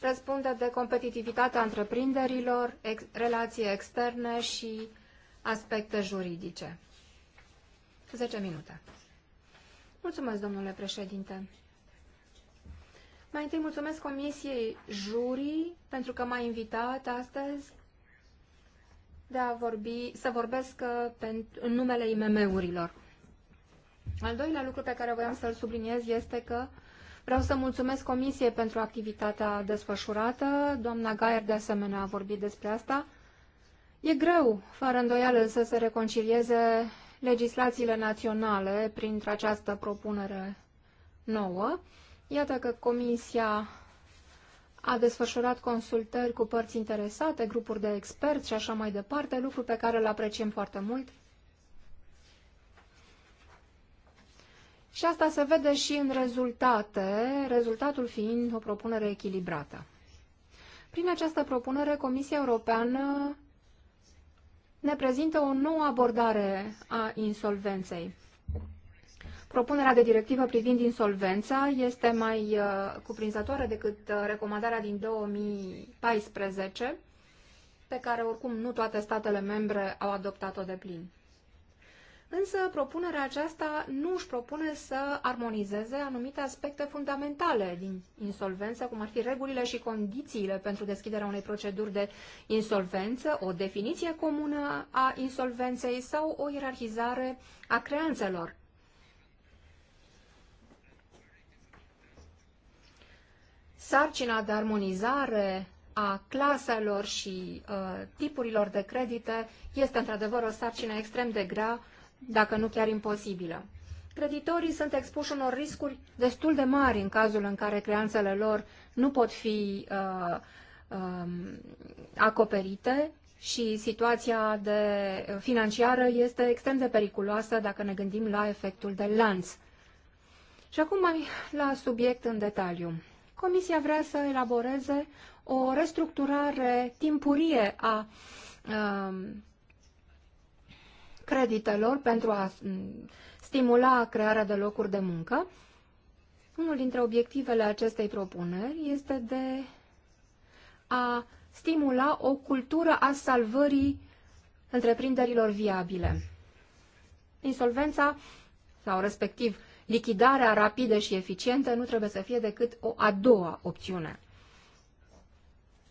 răspunde de competitivitatea întreprinderilor, ex relații externe și aspecte juridice. 10 minute. Mulțumesc, domnule președinte. Mai întâi mulțumesc Comisiei Jurii pentru că m-a invitat astăzi de a vorbi, să vorbesc uh, în numele IMM-urilor. Al doilea lucru pe care voiam să-l subliniez este că vreau să mulțumesc Comisiei pentru activitatea desfășurată. Doamna Gaier de asemenea a vorbit despre asta. E greu, fără îndoială, să se reconcilieze legislațiile naționale printr-această propunere nouă. Iată că Comisia a desfășurat consultări cu părți interesate, grupuri de experți și așa mai departe, lucru pe care îl apreciem foarte mult. Și asta se vede și în rezultate, rezultatul fiind o propunere echilibrată. Prin această propunere, Comisia Europeană ne prezintă o nouă abordare a insolvenței. Propunerea de directivă privind insolvența este mai uh, cuprinzătoare decât uh, recomandarea din 2014, pe care oricum nu toate statele membre au adoptat-o de plin. Însă propunerea aceasta nu își propune să armonizeze anumite aspecte fundamentale din insolvență, cum ar fi regulile și condițiile pentru deschiderea unei proceduri de insolvență, o definiție comună a insolvenței sau o ierarhizare a creanțelor sarcina de armonizare a claselor și uh, tipurilor de credite este într-adevăr o sarcină extrem de grea, dacă nu chiar imposibilă. Creditorii sunt expuși unor riscuri destul de mari în cazul în care creanțele lor nu pot fi uh, uh, acoperite și situația de financiară este extrem de periculoasă dacă ne gândim la efectul de lanț. Și acum mai la subiect în detaliu. Comisia vrea să elaboreze o restructurare timpurie a um, creditelor pentru a mm, stimula crearea de locuri de muncă. Unul dintre obiectivele acestei propuneri este de a stimula o cultură a salvării întreprinderilor viabile. Insolvența sau respectiv lichidarea rapidă și eficientă nu trebuie să fie decât o a doua opțiune.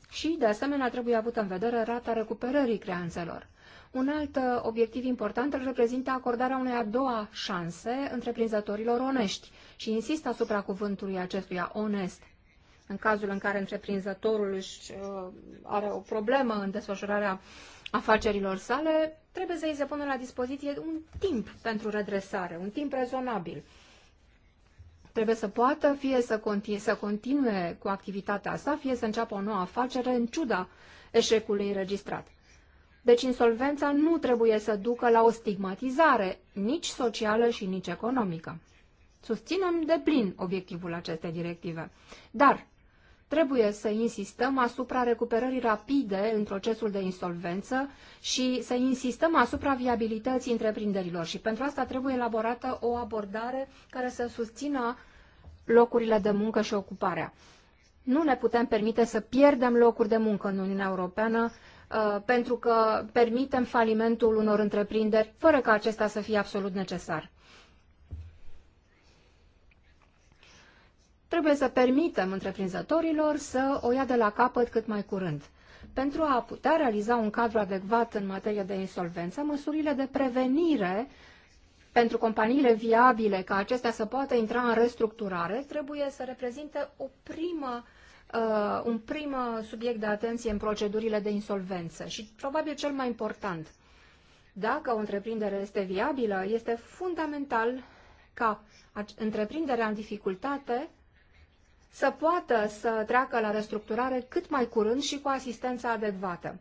Și, de asemenea, trebuie avută în vedere rata recuperării creanțelor. Un alt uh, obiectiv important îl reprezintă acordarea unei a doua șanse întreprinzătorilor onești și insist asupra cuvântului acestuia onest. În cazul în care întreprinzătorul își uh, are o problemă în desfășurarea afacerilor sale, trebuie să îi se pună la dispoziție un timp pentru redresare, un timp rezonabil trebuie să poată fie să, continue, să continue cu activitatea sa, fie să înceapă o nouă afacere în ciuda eșecului înregistrat. Deci insolvența nu trebuie să ducă la o stigmatizare, nici socială și nici economică. Susținem de plin obiectivul acestei directive. Dar Trebuie să insistăm asupra recuperării rapide în procesul de insolvență și să insistăm asupra viabilității întreprinderilor. Și pentru asta trebuie elaborată o abordare care să susțină locurile de muncă și ocuparea. Nu ne putem permite să pierdem locuri de muncă în Uniunea Europeană uh, pentru că permitem falimentul unor întreprinderi fără ca acesta să fie absolut necesar. Trebuie să permitem întreprinzătorilor să o ia de la capăt cât mai curând. Pentru a putea realiza un cadru adecvat în materie de insolvență, măsurile de prevenire pentru companiile viabile, ca acestea să poată intra în restructurare, trebuie să reprezinte o primă uh, un prim subiect de atenție în procedurile de insolvență și probabil cel mai important. Dacă o întreprindere este viabilă, este fundamental ca întreprinderea în dificultate să poată să treacă la restructurare cât mai curând și cu asistența adecvată.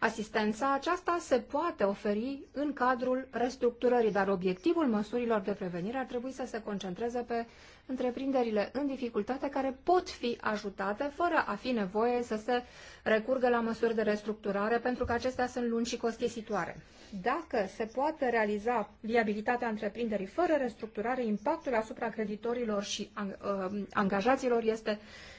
Asistența aceasta se poate oferi în cadrul restructurării, dar obiectivul măsurilor de prevenire ar trebui să se concentreze pe întreprinderile în dificultate care pot fi ajutate fără a fi nevoie să se recurgă la măsuri de restructurare pentru că acestea sunt lungi și costisitoare. Dacă se poate realiza viabilitatea întreprinderii fără restructurare, impactul asupra creditorilor și uh, angajaților este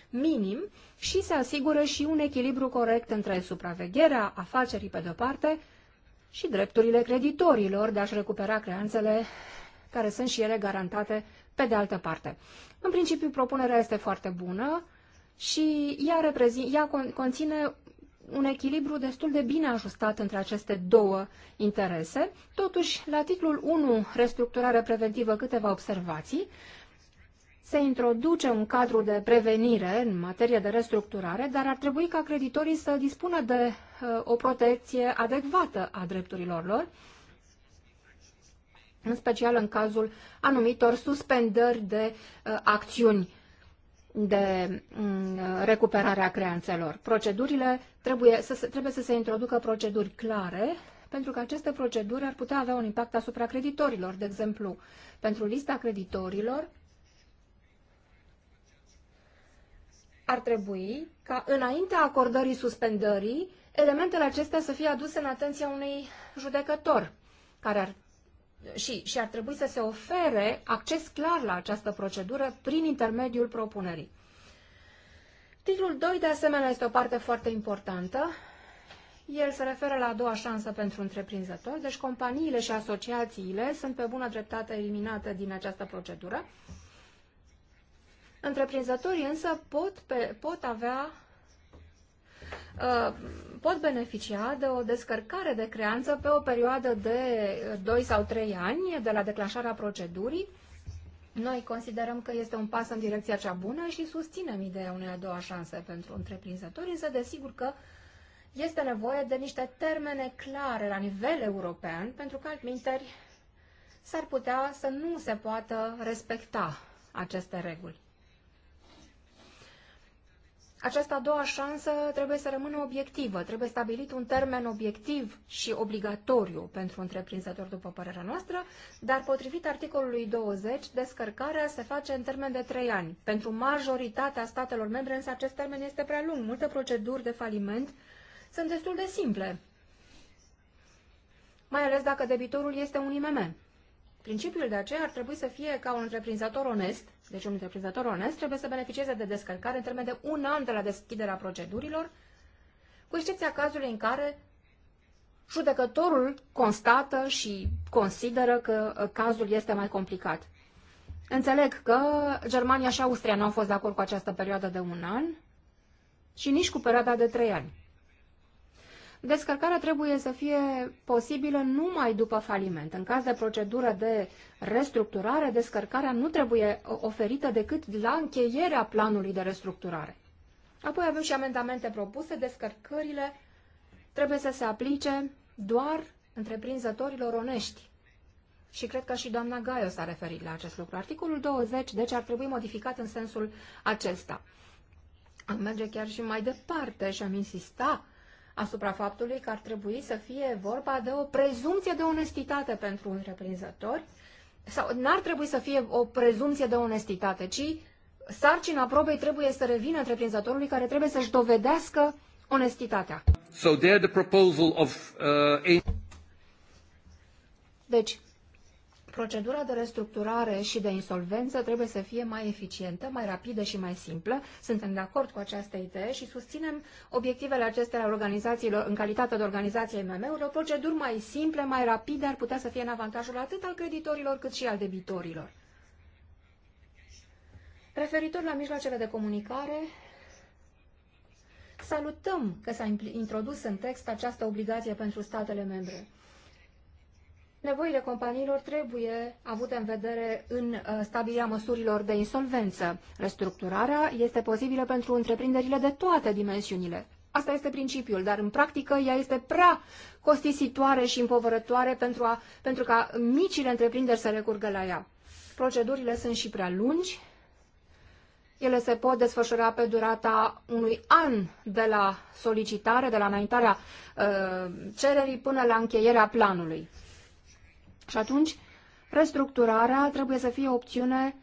minim și se asigură și un echilibru corect între supravegherea afacerii pe de-o parte și drepturile creditorilor de a-și recupera creanțele care sunt și ele garantate pe de altă parte. În principiu, propunerea este foarte bună și ea, ea conține un echilibru destul de bine ajustat între aceste două interese. Totuși, la titlul 1, restructurare preventivă, câteva observații se introduce un cadru de prevenire în materie de restructurare, dar ar trebui ca creditorii să dispună de uh, o protecție adecvată a drepturilor lor, în special în cazul anumitor suspendări de uh, acțiuni de mm, recuperare a creanțelor. Procedurile trebuie să, se, trebuie să se introducă proceduri clare, pentru că aceste proceduri ar putea avea un impact asupra creditorilor. De exemplu, pentru lista creditorilor, ar trebui ca înaintea acordării suspendării, elementele acestea să fie aduse în atenția unui judecător care ar, și, și ar trebui să se ofere acces clar la această procedură prin intermediul propunerii. Titlul 2, de asemenea, este o parte foarte importantă. El se referă la a doua șansă pentru întreprinzător, deci companiile și asociațiile sunt pe bună dreptate eliminate din această procedură, Întreprinzătorii însă pot, pe, pot avea uh, pot beneficia de o descărcare de creanță pe o perioadă de 2 sau 3 ani de la declanșarea procedurii. Noi considerăm că este un pas în direcția cea bună și susținem ideea unei a doua șanse pentru întreprinzători, însă desigur că este nevoie de niște termene clare la nivel european, pentru că altminteri s-ar putea să nu se poată respecta aceste reguli această a doua șansă trebuie să rămână obiectivă, trebuie stabilit un termen obiectiv și obligatoriu pentru întreprinzător, după părerea noastră, dar potrivit articolului 20, descărcarea se face în termen de 3 ani. Pentru majoritatea statelor membre, însă acest termen este prea lung. Multe proceduri de faliment sunt destul de simple, mai ales dacă debitorul este un IMM. Principiul de aceea ar trebui să fie ca un întreprinzător onest, deci un întreprinzător onest trebuie să beneficieze de descărcare în termen de un an de la deschiderea procedurilor, cu excepția cazului în care judecătorul constată și consideră că uh, cazul este mai complicat. Înțeleg că Germania și Austria nu au fost de acord cu această perioadă de un an și nici cu perioada de trei ani descărcarea trebuie să fie posibilă numai după faliment. În caz de procedură de restructurare, descărcarea nu trebuie oferită decât la încheierea planului de restructurare. Apoi avem și amendamente propuse, descărcările trebuie să se aplice doar întreprinzătorilor onești. Și cred că și doamna Gaio s-a referit la acest lucru. Articolul 20, deci, ar trebui modificat în sensul acesta. Am merge chiar și mai departe și am insista asupra faptului că ar trebui să fie vorba de o prezumție de onestitate pentru întreprinzători sau n-ar trebui să fie o prezumție de onestitate, ci sarcina probei trebuie să revină întreprinzătorului care trebuie să-și dovedească onestitatea. So there the proposal of, uh, a... Deci, procedura de restructurare și de insolvență trebuie să fie mai eficientă, mai rapidă și mai simplă. Suntem de acord cu această idee și susținem obiectivele acestea organizațiilor, în calitate de organizație MM-urilor, proceduri mai simple, mai rapide ar putea să fie în avantajul atât al creditorilor cât și al debitorilor. Referitor la mijloacele de comunicare, salutăm că s-a introdus în text această obligație pentru statele membre. Nevoile companiilor trebuie avute în vedere în uh, stabilirea măsurilor de insolvență. Restructurarea este posibilă pentru întreprinderile de toate dimensiunile. Asta este principiul, dar în practică ea este prea costisitoare și împovărătoare pentru, a, pentru ca micile întreprinderi să recurgă la ea. Procedurile sunt și prea lungi. Ele se pot desfășura pe durata unui an de la solicitare, de la înaintarea uh, cererii până la încheierea planului. Și atunci, restructurarea trebuie să fie o opțiune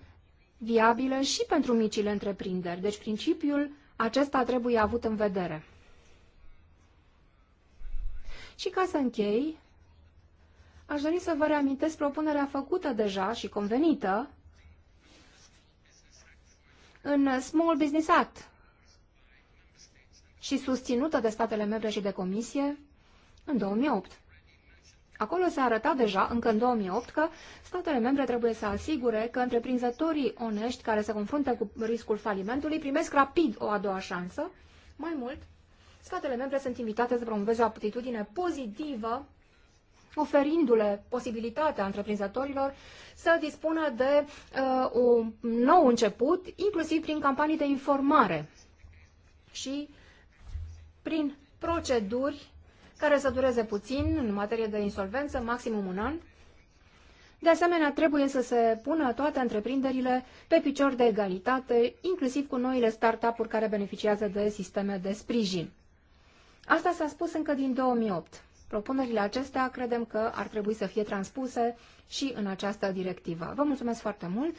viabilă și pentru micile întreprinderi. Deci principiul acesta trebuie avut în vedere. Și ca să închei, aș dori să vă reamintesc propunerea făcută deja și convenită în Small Business Act și susținută de statele membre și de comisie în 2008. Acolo se arăta deja, încă în 2008, că statele membre trebuie să asigure că întreprinzătorii onești care se confruntă cu riscul falimentului primesc rapid o a doua șansă. Mai mult, statele membre sunt invitate să promoveze o aptitudine pozitivă, oferindu-le posibilitatea întreprinzătorilor să dispună de uh, un nou început, inclusiv prin campanii de informare și prin proceduri care să dureze puțin în materie de insolvență, maximum un an. De asemenea, trebuie să se pună toate întreprinderile pe picior de egalitate, inclusiv cu noile start-up-uri care beneficiază de sisteme de sprijin. Asta s-a spus încă din 2008. Propunerile acestea credem că ar trebui să fie transpuse și în această directivă. Vă mulțumesc foarte mult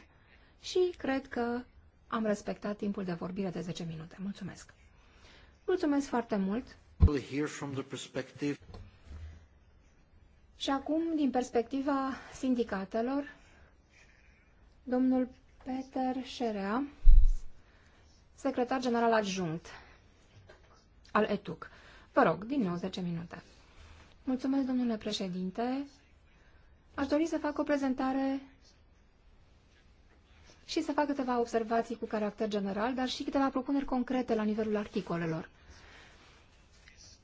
și cred că am respectat timpul de vorbire de 10 minute. Mulțumesc! Mulțumesc foarte mult! Și acum, din perspectiva sindicatelor, domnul Peter Șerea, secretar general adjunct al ETUC. Vă rog, din nou 10 minute. Mulțumesc, domnule președinte. Aș dori să fac o prezentare și să fac câteva observații cu caracter general, dar și câteva propuneri concrete la nivelul articolelor.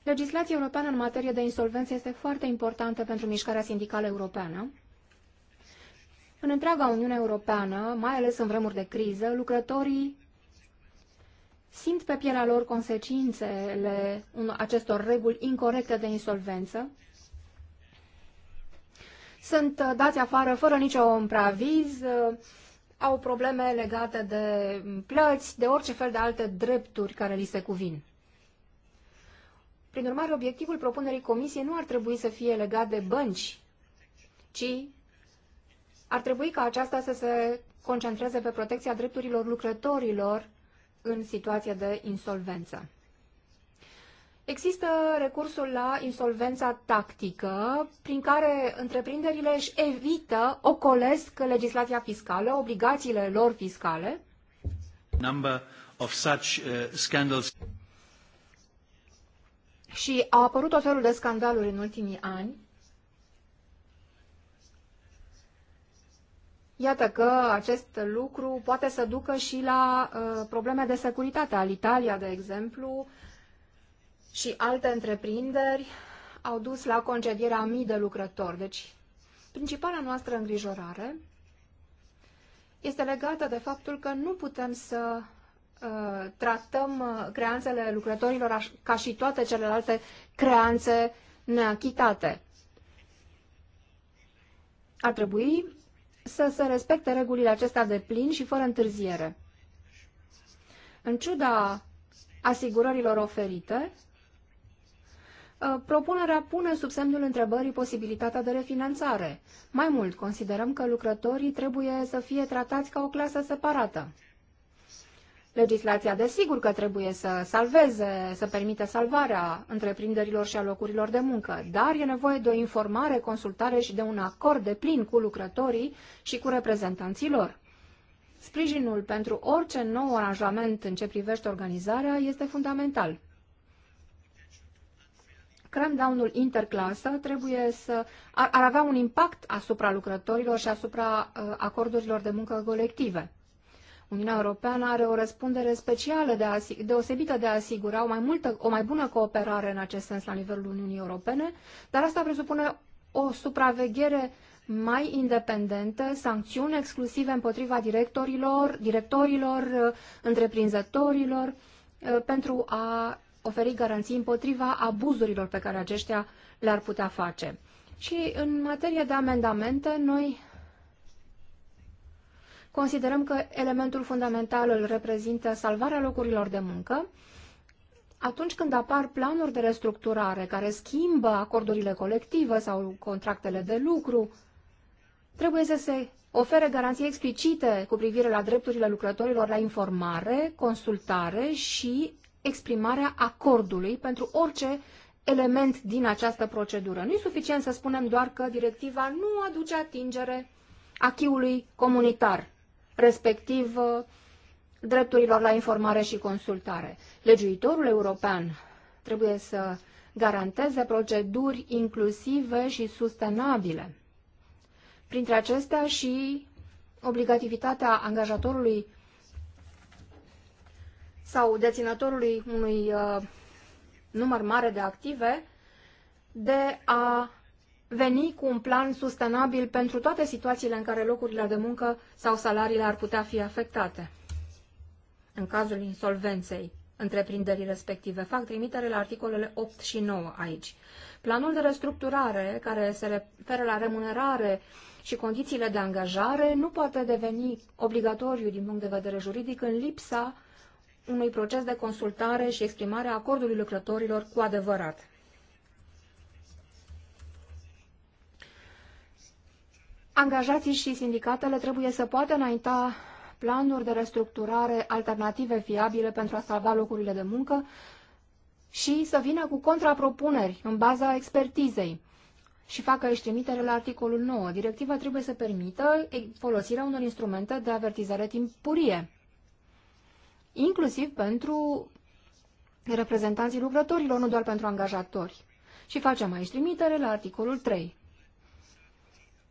Legislația europeană în materie de insolvență este foarte importantă pentru mișcarea sindicală europeană. În întreaga Uniune Europeană, mai ales în vremuri de criză, lucrătorii simt pe pielea lor consecințele acestor reguli incorrecte de insolvență, sunt uh, dați afară fără nicio preaviz, uh, au probleme legate de plăți, de orice fel de alte drepturi care li se cuvin. Prin urmare, obiectivul propunerii comisiei nu ar trebui să fie legat de bănci, ci ar trebui ca aceasta să se concentreze pe protecția drepturilor lucrătorilor în situația de insolvență. Există recursul la insolvența tactică, prin care întreprinderile își evită, ocolesc legislația fiscală, obligațiile lor fiscale. Number of such, uh, scandals. Și au apărut tot felul de scandaluri în ultimii ani. Iată că acest lucru poate să ducă și la uh, probleme de securitate. Al Italia, de exemplu, și alte întreprinderi au dus la concedierea a mii de lucrători. Deci, principala noastră îngrijorare este legată de faptul că nu putem să Uh, tratăm uh, creanțele lucrătorilor ca și toate celelalte creanțe neachitate. Ar trebui să se respecte regulile acestea de plin și fără întârziere. În ciuda asigurărilor oferite, uh, propunerea pune sub semnul întrebării posibilitatea de refinanțare. Mai mult, considerăm că lucrătorii trebuie să fie tratați ca o clasă separată. Legislația, desigur că trebuie să salveze, să permită salvarea întreprinderilor și a locurilor de muncă, dar e nevoie de o informare, consultare și de un acord de plin cu lucrătorii și cu reprezentanții lor. Sprijinul pentru orice nou aranjament în ce privește organizarea este fundamental. Cramdown-ul interclasă trebuie să ar, ar avea un impact asupra lucrătorilor și asupra uh, acordurilor de muncă colective. Uniunea Europeană are o răspundere specială de deosebită de a asigura o mai, multă, o mai bună cooperare în acest sens la nivelul Uniunii Europene, dar asta presupune o supraveghere mai independentă, sancțiuni exclusive împotriva directorilor, directorilor uh, întreprinzătorilor, uh, pentru a oferi garanții împotriva abuzurilor pe care aceștia le-ar putea face. Și în materie de amendamente, noi considerăm că elementul fundamental îl reprezintă salvarea locurilor de muncă, atunci când apar planuri de restructurare care schimbă acordurile colective sau contractele de lucru, trebuie să se ofere garanții explicite cu privire la drepturile lucrătorilor la informare, consultare și exprimarea acordului pentru orice element din această procedură. Nu e suficient să spunem doar că directiva nu aduce atingere achiului comunitar respectiv uh, drepturilor la informare și consultare. Legiuitorul european trebuie să garanteze proceduri inclusive și sustenabile. Printre acestea și obligativitatea angajatorului sau deținătorului unui uh, număr mare de active de a veni cu un plan sustenabil pentru toate situațiile în care locurile de muncă sau salariile ar putea fi afectate. În cazul insolvenței, întreprinderii respective fac trimitere la articolele 8 și 9 aici. Planul de restructurare, care se referă la remunerare și condițiile de angajare, nu poate deveni obligatoriu din punct de vedere juridic în lipsa unui proces de consultare și exprimare a acordului lucrătorilor cu adevărat. Angajații și sindicatele trebuie să poată înainta planuri de restructurare alternative fiabile pentru a salva locurile de muncă și să vină cu contrapropuneri în baza expertizei și facă își trimitere la articolul 9. Directiva trebuie să permită folosirea unor instrumente de avertizare timpurie, inclusiv pentru reprezentanții lucrătorilor, nu doar pentru angajatori. Și facem aici trimitere la articolul 3.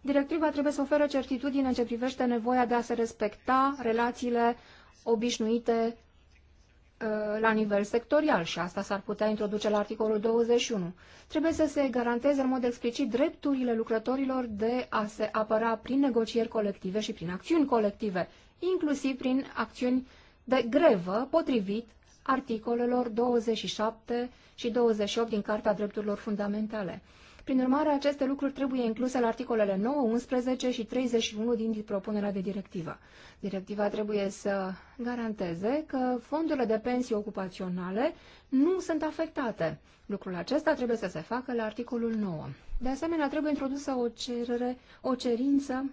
Directiva trebuie să ofere certitudine în ce privește nevoia de a se respecta relațiile obișnuite uh, la nivel sectorial și asta s-ar putea introduce la articolul 21. Trebuie să se garanteze în mod explicit drepturile lucrătorilor de a se apăra prin negocieri colective și prin acțiuni colective, inclusiv prin acțiuni de grevă potrivit articolelor 27 și 28 din Carta Drepturilor Fundamentale. Prin urmare, aceste lucruri trebuie incluse la articolele 9, 11 și 31 din propunerea de directivă. Directiva trebuie să garanteze că fondurile de pensii ocupaționale nu sunt afectate. Lucrul acesta trebuie să se facă la articolul 9. De asemenea, trebuie introdusă o cerere, o cerință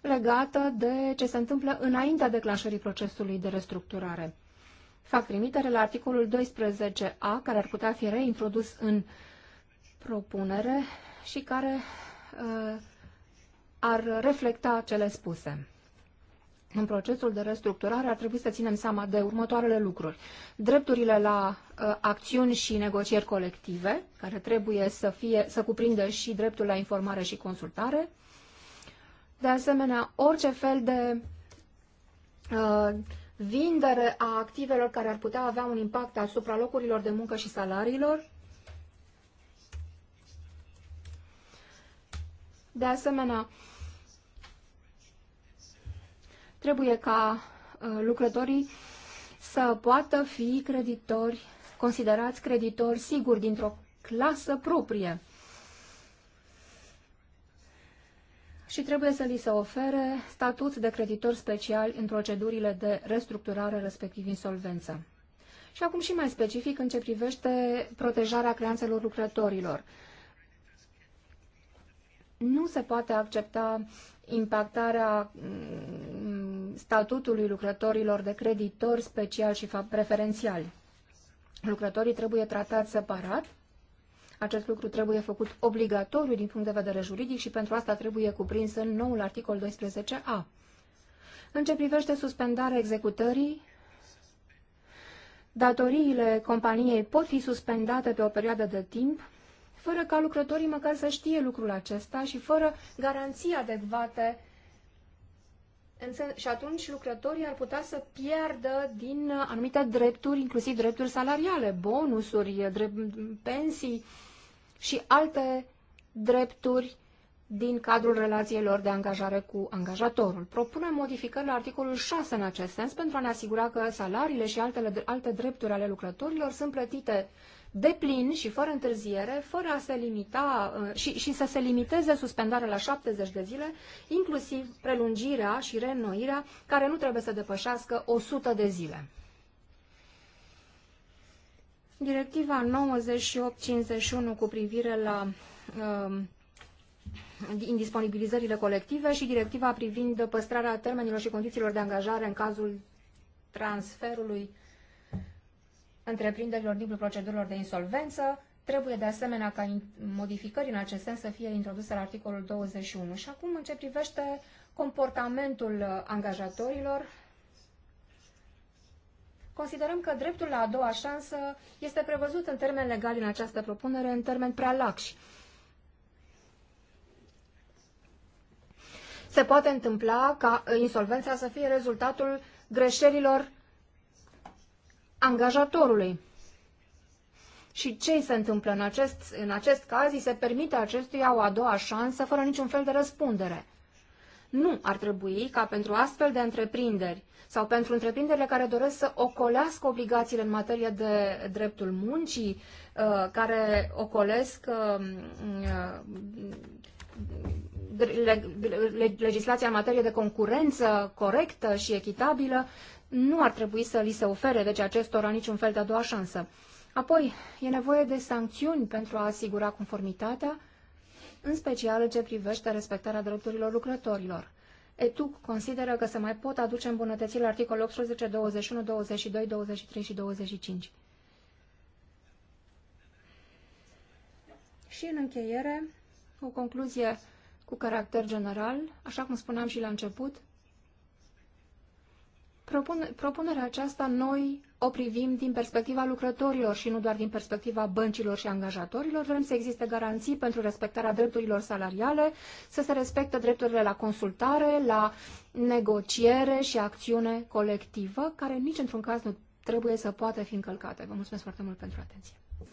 legată de ce se întâmplă înaintea declanșării procesului de restructurare. Fac trimitere la articolul 12a, care ar putea fi reintrodus în propunere și care uh, ar reflecta cele spuse. În procesul de restructurare ar trebui să ținem seama de următoarele lucruri. Drepturile la uh, acțiuni și negocieri colective, care trebuie să, fie, să cuprindă și dreptul la informare și consultare. De asemenea, orice fel de uh, vindere a activelor care ar putea avea un impact asupra locurilor de muncă și salariilor, De asemenea, trebuie ca ă, lucrătorii să poată fi creditori, considerați creditori siguri dintr-o clasă proprie. și trebuie să li se ofere statut de creditor special în procedurile de restructurare, respectiv insolvență. Și acum și mai specific în ce privește protejarea creanțelor lucrătorilor nu se poate accepta impactarea mm, statutului lucrătorilor de creditori special și preferențiali. Lucrătorii trebuie tratați separat. Acest lucru trebuie făcut obligatoriu din punct de vedere juridic și pentru asta trebuie cuprins în noul articol 12a. În ce privește suspendarea executării, datoriile companiei pot fi suspendate pe o perioadă de timp fără ca lucrătorii măcar să știe lucrul acesta și fără garanții adecvate. Și atunci lucrătorii ar putea să piardă din anumite drepturi, inclusiv drepturi salariale, bonusuri, drept, pensii și alte drepturi din cadrul relațiilor de angajare cu angajatorul. Propunem modificări la articolul 6 în acest sens pentru a ne asigura că salariile și altele, alte drepturi ale lucrătorilor sunt plătite de plin și fără întârziere, fără a se limita uh, și, și să se limiteze suspendarea la 70 de zile, inclusiv prelungirea și reînnoirea, care nu trebuie să depășească 100 de zile. Directiva 9851 cu privire la uh, indisponibilizările colective și directiva privind păstrarea termenilor și condițiilor de angajare în cazul transferului întreprinderilor din procedurilor de insolvență. Trebuie de asemenea ca modificări în acest sens să fie introduse la articolul 21. Și acum, în ce privește comportamentul uh, angajatorilor, considerăm că dreptul la a doua șansă este prevăzut în termen legal în această propunere, în termen prea laxi. Se poate întâmpla ca insolvența să fie rezultatul greșelilor angajatorului. Și ce se întâmplă în acest, în acest caz? Îi se permite acestuia o a doua șansă fără niciun fel de răspundere. Nu ar trebui ca pentru astfel de întreprinderi sau pentru întreprinderile care doresc să ocolească obligațiile în materie de dreptul muncii, uh, care ocolesc uh, uh, legislația în materie de concurență corectă și echitabilă, nu ar trebui să li se ofere, deci acestora, niciun fel de a doua șansă. Apoi, e nevoie de sancțiuni pentru a asigura conformitatea, în special ce privește respectarea drepturilor lucrătorilor. ETUC consideră că se mai pot aduce îmbunătățiri la articolul 18, 21, 22, 23 și 25. Și în încheiere, o concluzie cu caracter general, așa cum spuneam și la început, propunerea aceasta noi o privim din perspectiva lucrătorilor și nu doar din perspectiva băncilor și angajatorilor. Vrem să existe garanții pentru respectarea drepturilor salariale, să se respecte drepturile la consultare, la negociere și acțiune colectivă, care nici într-un caz nu trebuie să poată fi încălcate. Vă mulțumesc foarte mult pentru atenție. Uh,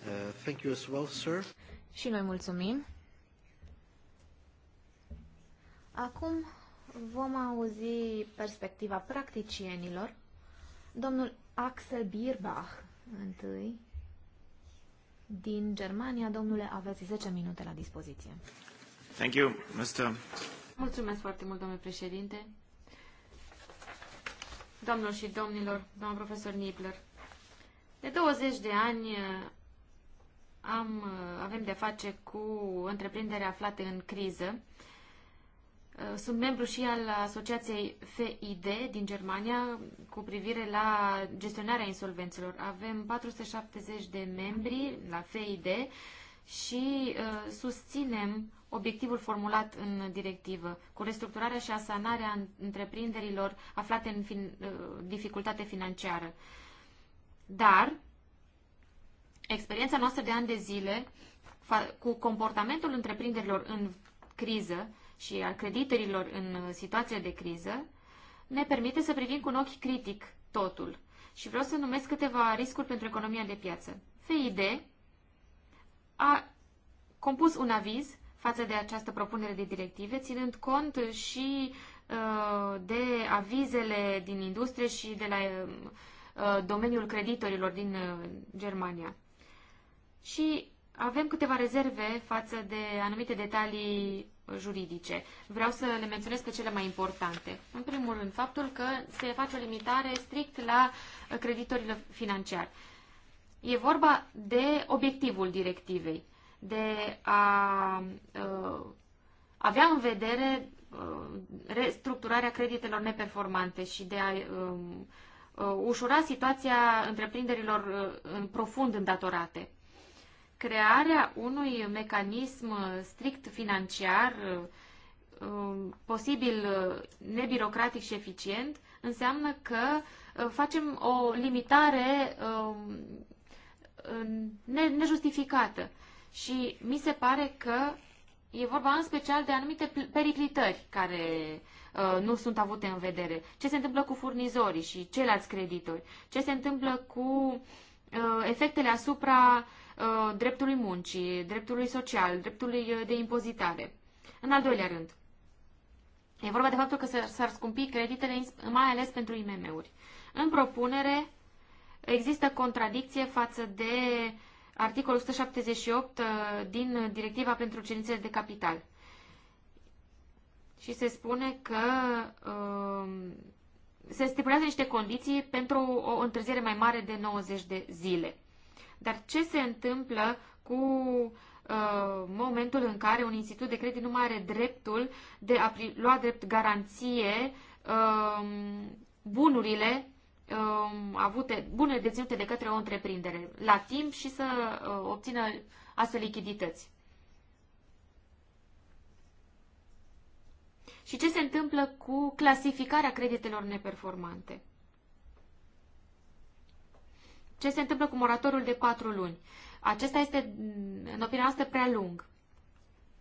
thank you as well, sir. Și noi mulțumim. Acum vom auzi perspectiva practicienilor. Domnul Axel Bierbach, întâi, din Germania. Domnule, aveți 10 minute la dispoziție. Thank you, Mr. Mulțumesc foarte mult, domnule președinte. Domnul și domnilor, domnul profesor Nibler, de 20 de ani eh, am, eh, avem de face cu întreprinderi aflate în criză Uh, sunt membru și al Asociației FID din Germania cu privire la gestionarea insolvențelor. Avem 470 de membri la FID și uh, susținem obiectivul formulat în directivă, cu restructurarea și asanarea întreprinderilor aflate în fin, uh, dificultate financiară. Dar experiența noastră de ani de zile cu comportamentul întreprinderilor în criză și al creditorilor în uh, situația de criză, ne permite să privim cu un ochi critic totul. Și vreau să numesc câteva riscuri pentru economia de piață. FID a compus un aviz față de această propunere de directive, ținând cont și uh, de avizele din industrie și de la uh, uh domeniul creditorilor din uh, Germania. Și avem câteva rezerve față de anumite detalii juridice. Vreau să le menționez pe cele mai importante. În primul rând, faptul că se face o limitare strict la creditorile financiari. E vorba de obiectivul directivei, de a uh, avea în vedere uh, restructurarea creditelor neperformante și de a uh, ușura situația întreprinderilor în profund îndatorate crearea unui mecanism strict financiar, um, posibil uh, nebirocratic și eficient, înseamnă că uh, facem o limitare um, nejustificată. Și mi se pare că e vorba în special de anumite periclitări care uh, nu sunt avute în vedere. Ce se întâmplă cu furnizorii și ceilalți creditori? Ce se întâmplă cu efectele asupra Uh, dreptului muncii, dreptului social, dreptului uh, de impozitare. În al doilea rând, e vorba de faptul că s-ar scumpi creditele, mai ales pentru IMM-uri. În propunere există contradicție față de articolul 178 uh, din Directiva pentru cerințele de capital. Și se spune că um, se stipulează niște condiții pentru o întârziere mai mare de 90 de zile. Dar ce se întâmplă cu uh, momentul în care un institut de credit nu mai are dreptul de a lua drept garanție uh, bunurile uh, avute, bunurile deținute de către o întreprindere la timp și să uh, obțină astfel lichidități. Și ce se întâmplă cu clasificarea creditelor neperformante? ce se întâmplă cu moratorul de patru luni. Acesta este, în opinia noastră, prea lung.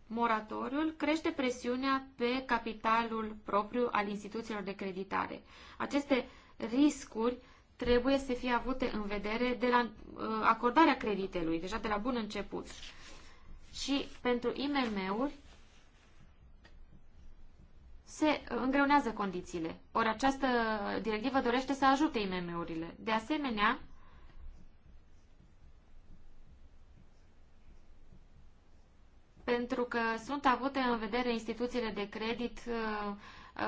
Moratoriul crește presiunea pe capitalul propriu al instituțiilor de creditare. Aceste riscuri trebuie să fie avute în vedere de la uh, acordarea creditelui, deja de la bun început. Și pentru IMM-uri se îngreunează condițiile. Ori această directivă dorește să ajute IMM-urile. De asemenea, pentru că sunt avute în vedere instituțiile de credit uh,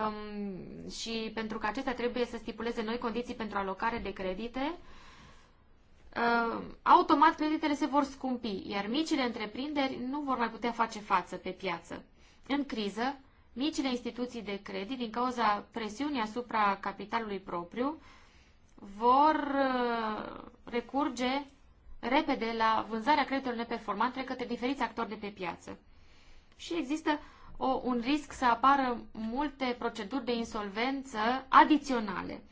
um, și pentru că acestea trebuie să stipuleze noi condiții pentru alocare de credite, uh, automat creditele se vor scumpi, iar micile întreprinderi nu vor mai putea face față pe piață. În criză, micile instituții de credit, din cauza presiunii asupra capitalului propriu, vor uh, recurge repede la vânzarea creditelor neperformante către diferiți actori de pe piață. Și există o, un risc să apară multe proceduri de insolvență adiționale,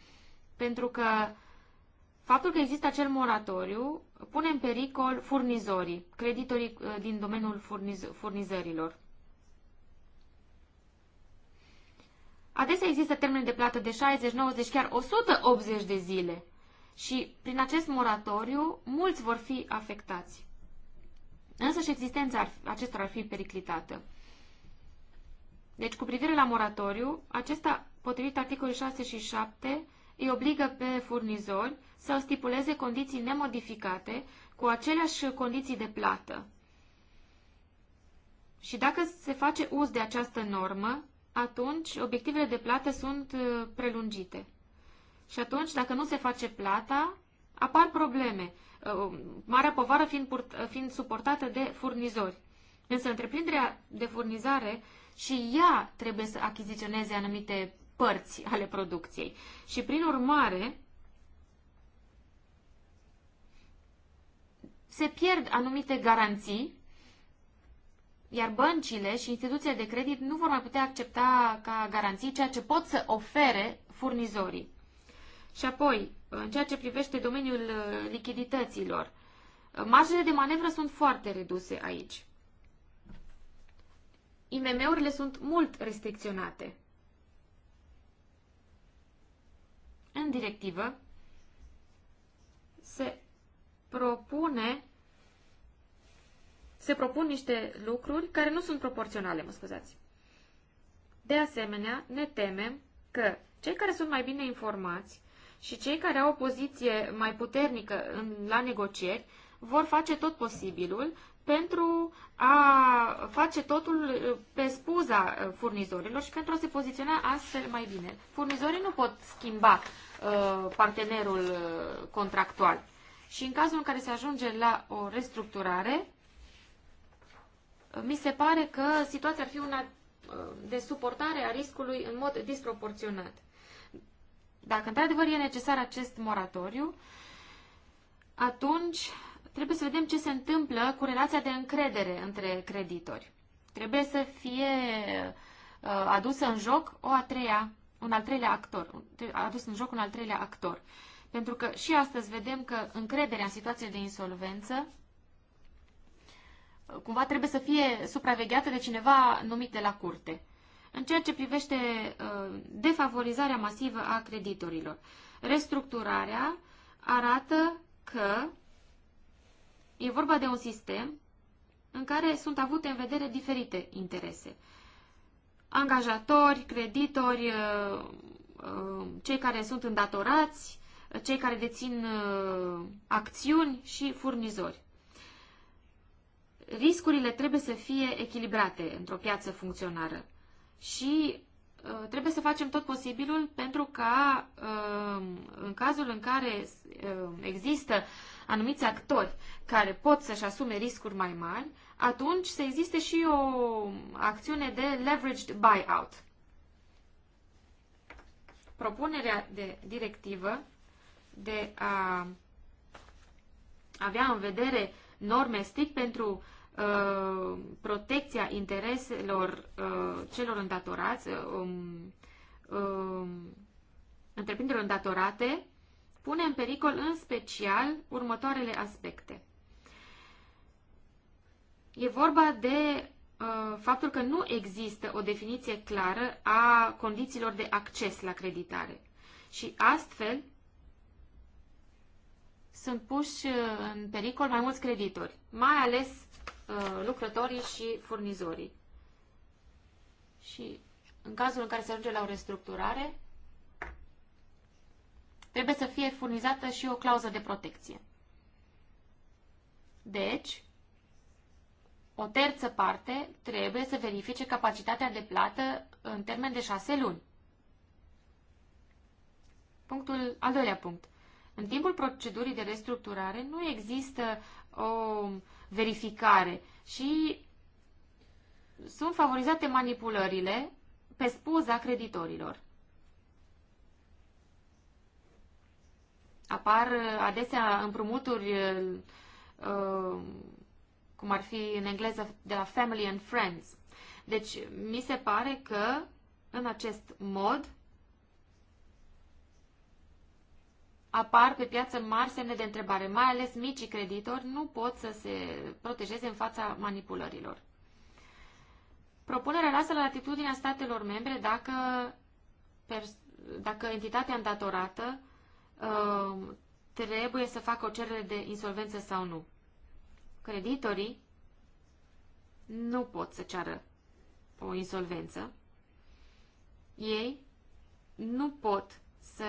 pentru că faptul că există acel moratoriu pune în pericol furnizorii, creditorii uh, din domeniul furniz- furnizărilor. Adesea există termene de plată de 60, 90, chiar 180 de zile și prin acest moratoriu mulți vor fi afectați. Însă și existența acestora ar fi periclitată. Deci, cu privire la moratoriu, acesta, potrivit articolului 6 și 7, îi obligă pe furnizori să stipuleze condiții nemodificate cu aceleași condiții de plată. Și dacă se face uz de această normă, atunci obiectivele de plată sunt uh, prelungite. Și atunci, dacă nu se face plata, apar probleme, uh, um, marea povară fiind, purt, uh, fiind suportată de furnizori. Însă întreprinderea de furnizare și ea trebuie să achiziționeze anumite părți ale producției. Și prin urmare, se pierd anumite garanții, iar băncile și instituțiile de credit nu vor mai putea accepta ca garanții ceea ce pot să ofere furnizorii. Și apoi, în ceea ce privește domeniul uh, lichidităților, uh, marjele de manevră sunt foarte reduse aici. IMM-urile sunt mult restricționate. În directivă se propune se propun niște lucruri care nu sunt proporționale, mă scuzați. De asemenea, ne temem că cei care sunt mai bine informați și cei care au o poziție mai puternică în, la negocieri vor face tot posibilul pentru a face totul uh, pe spuza uh, furnizorilor și pentru a se poziționa astfel mai bine. Furnizorii nu pot schimba uh, partenerul uh, contractual. Și în cazul în care se ajunge la o restructurare, mi se pare că situația ar fi una de suportare a riscului în mod disproporționat. Dacă într-adevăr e necesar acest moratoriu, atunci trebuie să vedem ce se întâmplă cu relația de încredere între creditori. Trebuie să fie uh, adusă în joc o a treia, un al treilea actor, adus în joc un al treilea actor. Pentru că și astăzi vedem că încrederea în situație de insolvență uh, cumva trebuie să fie supravegheată de cineva numit de la curte. În ceea ce privește uh, defavorizarea masivă a creditorilor, restructurarea arată că e vorba de un sistem în care sunt avute în vedere diferite interese. Angajatori, creditori, uh, uh, cei care sunt îndatorați, cei care dețin acțiuni și furnizori. Riscurile trebuie să fie echilibrate într-o piață funcționară și uh, trebuie să facem tot posibilul pentru ca uh, în cazul în care uh, există anumiți actori care pot să-și asume riscuri mai mari, atunci să existe și o acțiune de leveraged buyout. Propunerea de directivă de a avea în vedere norme strict pentru uh, Uh, protecția intereselor uh, celor îndatorați, uh, um, um, întreprinderilor îndatorate, pune în pericol în special următoarele aspecte. E vorba de uh, faptul că nu există o definiție clară a condițiilor de acces la creditare. Și astfel sunt puși uh, în pericol mai mulți creditori, mai ales Uh, lucrătorii și furnizorii. Și în cazul în care se ajunge la o restructurare, trebuie să fie furnizată și o clauză de protecție. Deci, o terță parte trebuie să verifice capacitatea de plată în termen de șase luni. Punctul, al doilea punct. În timpul procedurii de restructurare nu există o verificare și sunt favorizate manipulările pe spuza creditorilor. Apar adesea împrumuturi, uh, cum ar fi în engleză, de la family and friends. Deci, mi se pare că, în acest mod, apar pe piață mari semne de întrebare, mai ales micii creditori nu pot să se protejeze în fața manipulărilor. Propunerea lasă la atitudinea statelor membre dacă, dacă entitatea îndatorată uh, trebuie să facă o cerere de insolvență sau nu. Creditorii nu pot să ceară o insolvență. Ei nu pot să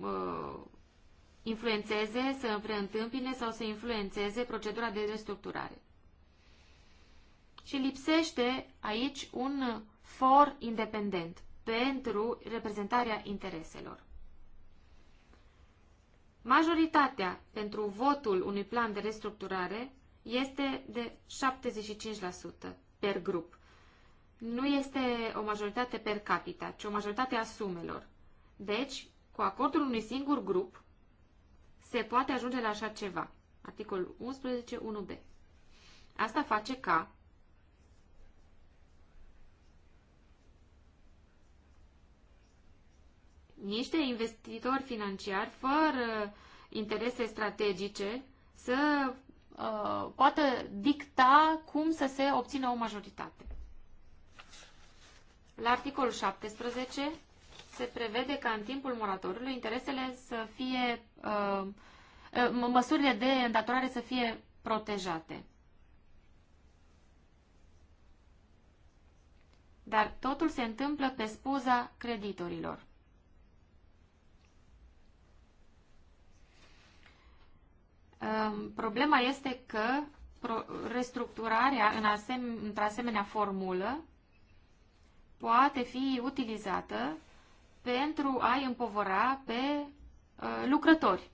uh, influențeze, să preîntâmpine sau să influențeze procedura de restructurare. Și lipsește aici un for independent pentru reprezentarea intereselor. Majoritatea pentru votul unui plan de restructurare este de 75% per grup. Nu este o majoritate per capita, ci o majoritate a sumelor. Deci, cu acordul unui singur grup se poate ajunge la așa ceva. Articolul 11, 1b. Asta face ca niște investitori financiari fără interese strategice să uh, poată dicta cum să se obțină o majoritate. La articolul 17 se prevede ca în timpul moratoriului interesele să fie, uh, uh măsurile de îndatorare să fie protejate. Dar totul se întâmplă pe spuza creditorilor. Um, problema este că restructurarea în asem, într-asemenea formulă poate fi utilizată pentru a-i împovăra pe uh, lucrători.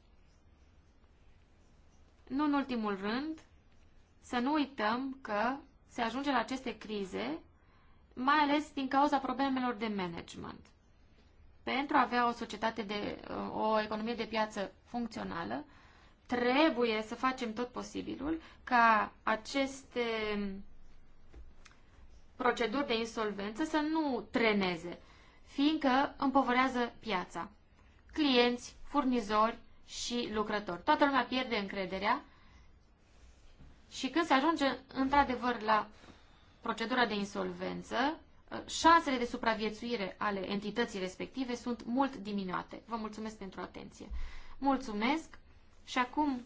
Nu în ultimul rând, să nu uităm că se ajunge la aceste crize, mai ales din cauza problemelor de management. Pentru a avea o societate de uh, o economie de piață funcțională, trebuie să facem tot posibilul ca aceste mm, proceduri de insolvență să nu treneze fiindcă împovărează piața. Clienți, furnizori și lucrători. Toată lumea pierde încrederea și când se ajunge într-adevăr la procedura de insolvență, șansele de supraviețuire ale entității respective sunt mult diminuate. Vă mulțumesc pentru atenție. Mulțumesc și acum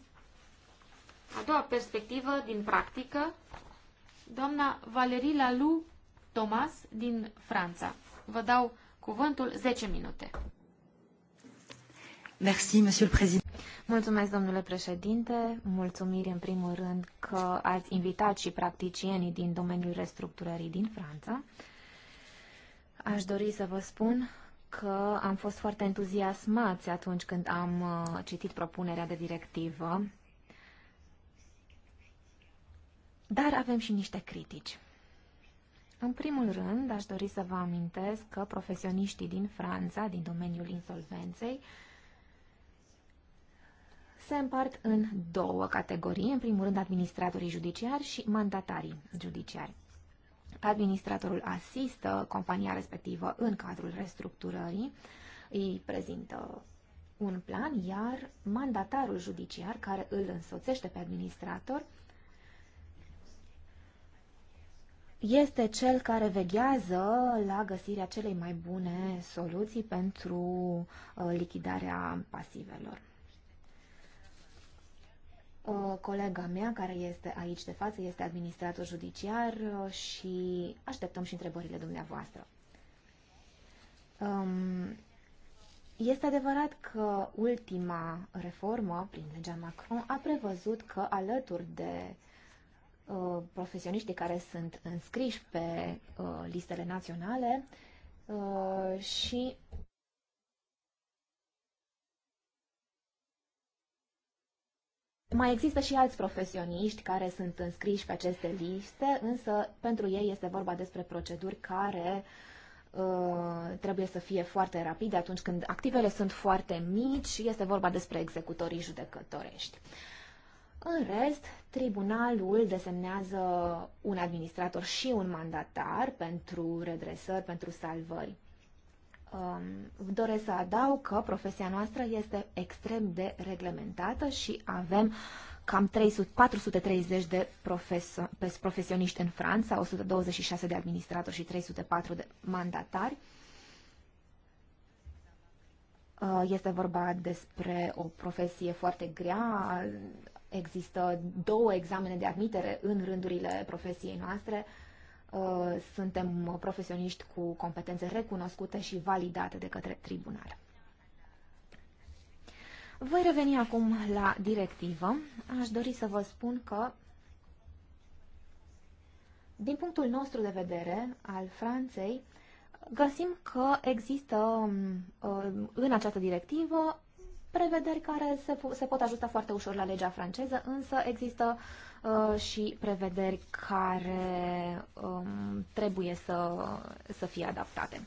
a doua perspectivă din practică, doamna Valerie Lalu Thomas din Franța. Vă dau cuvântul 10 minute. Merci, Monsieur le Président. Mulțumesc, domnule președinte. Mulțumiri, în primul rând, că ați invitat și practicienii din domeniul restructurării din Franța. Aș dori să vă spun că am fost foarte entuziasmați atunci când am uh, citit propunerea de directivă, dar avem și niște critici. În primul rând, aș dori să vă amintesc că profesioniștii din Franța, din domeniul insolvenței, se împart în două categorii, în primul rând administratorii judiciari și mandatarii judiciari. Administratorul asistă compania respectivă în cadrul restructurării, îi prezintă un plan, iar mandatarul judiciar care îl însoțește pe administrator este cel care veghează la găsirea celei mai bune soluții pentru uh, lichidarea pasivelor. O colega mea care este aici de față este administrator judiciar uh, și așteptăm și întrebările dumneavoastră. Um, este adevărat că ultima reformă prin legea Macron a prevăzut că alături de uh, Uh, profesioniștii care sunt înscriși pe uh, listele naționale uh, și Mai există și alți profesioniști care sunt înscriși pe aceste liste, însă pentru ei este vorba despre proceduri care uh, trebuie să fie foarte rapide atunci când activele sunt foarte mici, și este vorba despre executorii judecătorești. Uh, în rest, tribunalul desemnează un administrator și un mandatar pentru redresări, pentru salvări. Um, doresc să adaug că profesia noastră este extrem de reglementată și avem cam 300, 430 de profes, profesioniști în Franța, 126 de administratori și 304 de mandatari. Uh, este vorba despre o profesie foarte grea, există două examene de admitere în rândurile profesiei noastre. Uh, suntem profesioniști cu competențe recunoscute și validate de către tribunal. Voi reveni acum la directivă. Aș dori să vă spun că, din punctul nostru de vedere al Franței, găsim că există um, uh, în această directivă prevederi care se, se pot ajusta foarte ușor la legea franceză, însă există uh, și prevederi care um, trebuie să, să fie adaptate.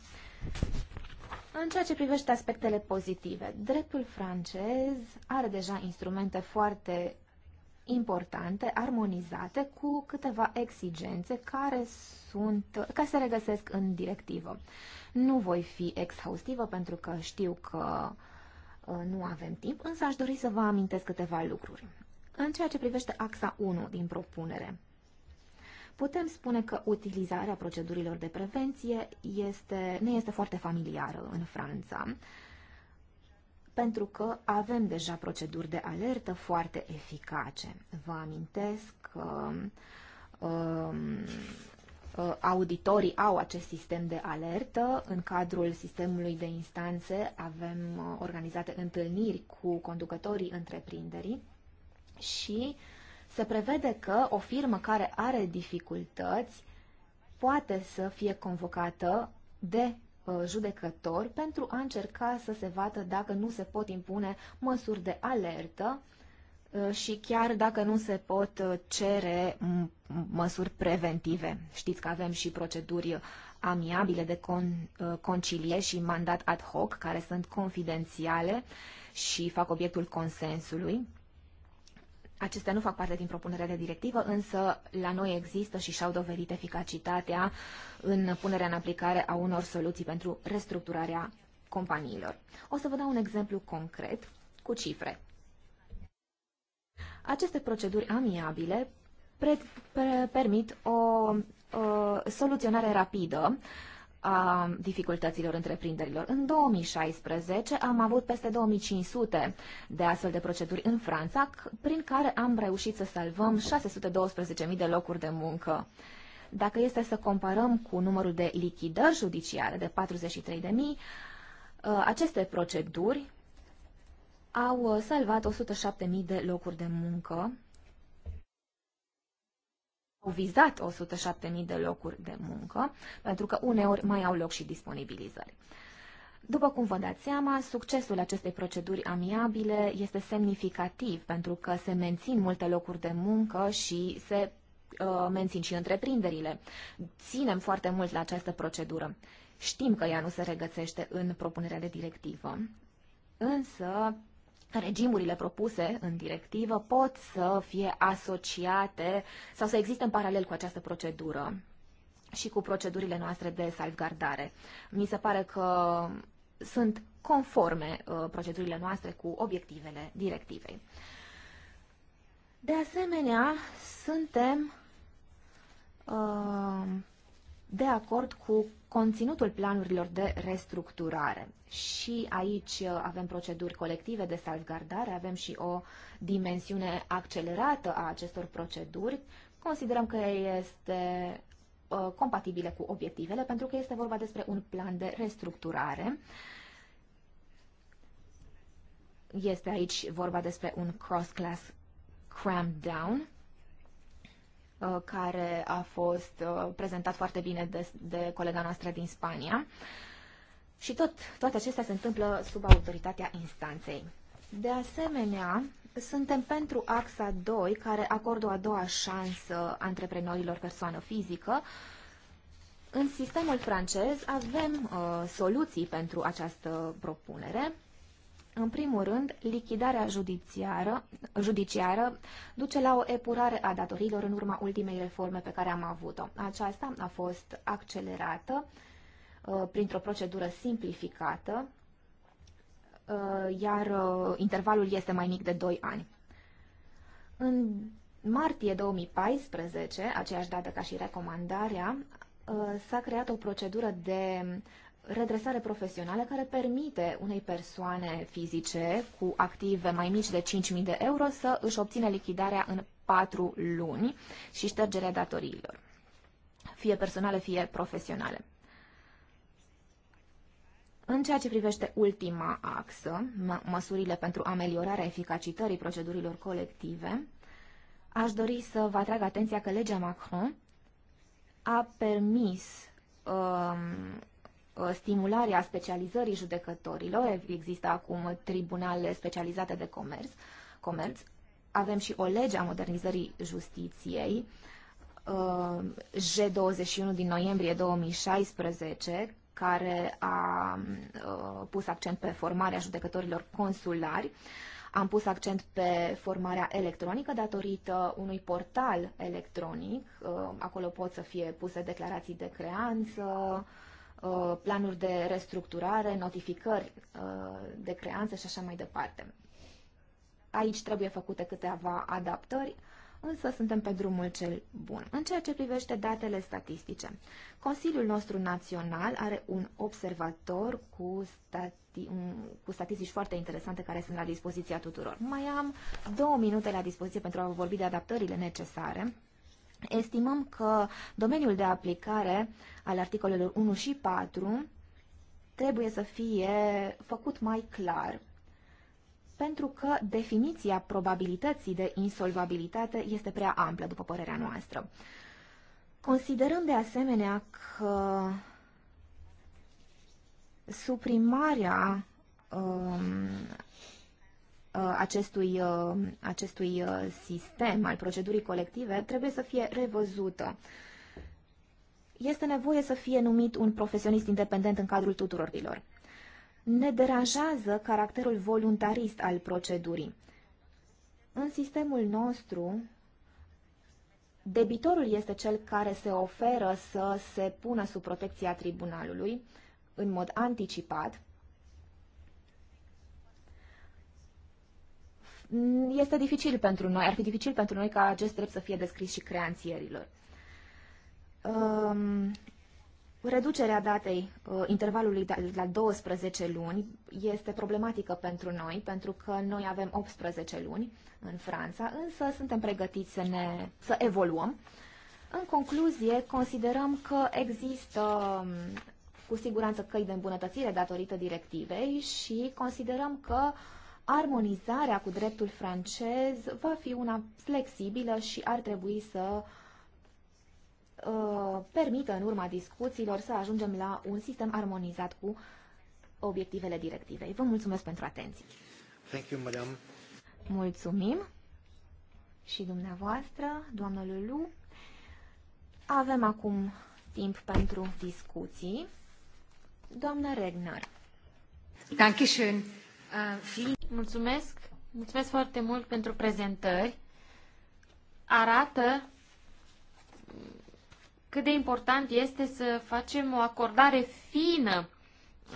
În ceea ce privește aspectele pozitive, dreptul francez are deja instrumente foarte importante, armonizate, cu câteva exigențe care, sunt, care se regăsesc în directivă. Nu voi fi exhaustivă pentru că știu că uh, Uh, nu avem timp, însă aș dori să vă amintesc câteva lucruri. În ceea ce privește axa 1 din propunere, putem spune că utilizarea procedurilor de prevenție este, ne este foarte familiară în Franța, pentru că avem deja proceduri de alertă foarte eficace. Vă amintesc că um, Uh, auditorii au acest sistem de alertă. În cadrul sistemului de instanțe avem uh, organizate întâlniri cu conducătorii întreprinderii și se prevede că o firmă care are dificultăți poate să fie convocată de uh, judecător pentru a încerca să se vadă dacă nu se pot impune măsuri de alertă Uh, și chiar dacă nu se pot uh, cere măsuri preventive. Știți că avem și proceduri amiabile de con, uh, concilie și mandat ad hoc, care sunt confidențiale și fac obiectul consensului. Acestea nu fac parte din propunerea de directivă, însă la noi există și și-au dovedit eficacitatea în punerea în aplicare a unor soluții pentru restructurarea companiilor. O să vă dau un exemplu concret cu cifre. Aceste proceduri amiabile pre- pre- permit o, o soluționare rapidă a dificultăților întreprinderilor. În 2016 am avut peste 2500 de astfel de proceduri în Franța, prin care am reușit să salvăm 612.000 de locuri de muncă. Dacă este să comparăm cu numărul de lichidări judiciare de 43.000, ă, aceste proceduri au uh, salvat 107.000 de locuri de muncă, au vizat 107.000 de locuri de muncă, pentru că uneori mai au loc și disponibilizări. După cum vă dați seama, succesul acestei proceduri amiabile este semnificativ pentru că se mențin multe locuri de muncă și se uh, mențin și întreprinderile. Ținem foarte mult la această procedură. Știm că ea nu se regăsește în propunerea de directivă, însă regimurile propuse în directivă pot să fie asociate sau să existe în paralel cu această procedură și cu procedurile noastre de salvgardare. Mi se pare că sunt conforme uh, procedurile noastre cu obiectivele directivei. De asemenea, suntem uh, de acord cu conținutul planurilor de restructurare. Și aici uh, avem proceduri colective de salvgardare, avem și o dimensiune accelerată a acestor proceduri. Considerăm că este uh, compatibile cu obiectivele, pentru că este vorba despre un plan de restructurare. Este aici vorba despre un cross-class cram down Uh, care a fost uh, prezentat foarte bine de, de colega noastră din Spania. Și tot, toate acestea se întâmplă sub autoritatea instanței. De asemenea, suntem pentru AXA 2, care acordă o a doua șansă antreprenorilor persoană fizică. În sistemul francez avem uh, soluții pentru această propunere. În primul rând, lichidarea judiciară, judiciară duce la o epurare a datorilor în urma ultimei reforme pe care am avut-o. Aceasta a fost accelerată uh, printr-o procedură simplificată, uh, iar uh, intervalul este mai mic de 2 ani. În martie 2014, aceeași dată ca și recomandarea, s-a creat o procedură de redresare profesională care permite unei persoane fizice cu active mai mici de 5.000 de euro să își obține lichidarea în 4 luni și ștergerea datoriilor, fie personale, fie profesionale. În ceea ce privește ultima axă, măsurile pentru ameliorarea eficacității procedurilor colective, aș dori să vă atrag atenția că legea Macron a permis um, Uh, stimularea specializării judecătorilor. Există acum tribunale specializate de comerț. comerț. Avem și o lege a modernizării justiției, J21 uh, din noiembrie 2016, care a uh, pus accent pe formarea judecătorilor consulari. Am pus accent pe formarea electronică datorită unui portal electronic. Acolo pot să fie puse declarații de creanță, Uh, planuri de restructurare, notificări uh, de creanță și așa mai departe. Aici trebuie făcute câteva adaptări, însă suntem pe drumul cel bun. În ceea ce privește datele statistice, Consiliul nostru național are un observator cu, stati- cu statistici foarte interesante care sunt la dispoziția tuturor. Mai am două minute la dispoziție pentru a vorbi de adaptările necesare. Estimăm că domeniul de aplicare al articolelor 1 și 4 trebuie să fie făcut mai clar, pentru că definiția probabilității de insolvabilitate este prea amplă, după părerea noastră. Considerăm de asemenea că suprimarea um, Uh, acestui, uh, acestui uh, sistem al procedurii colective trebuie să fie revăzută. Este nevoie să fie numit un profesionist independent în cadrul tuturorilor. Ne deranjează caracterul voluntarist al procedurii. În sistemul nostru, debitorul este cel care se oferă să se pună sub protecția tribunalului în mod anticipat este dificil pentru noi, ar fi dificil pentru noi ca acest drept să fie descris și creanțierilor. Um, reducerea datei uh, intervalului la 12 luni este problematică pentru noi, pentru că noi avem 18 luni în Franța, însă suntem pregătiți să, ne, să evoluăm. În concluzie, considerăm că există um, cu siguranță căi de îmbunătățire datorită directivei și considerăm că uh, armonizarea cu dreptul francez va fi una flexibilă și ar trebui să uh, permită în urma discuțiilor să ajungem la un sistem armonizat cu obiectivele directivei. Vă mulțumesc pentru atenție. Thank you, madam. Mulțumim și dumneavoastră, doamnă Lulu. Avem acum timp pentru discuții. Doamna Danke Dankeschön. Mulțumesc! Mulțumesc foarte mult pentru prezentări. Arată cât de important este să facem o acordare fină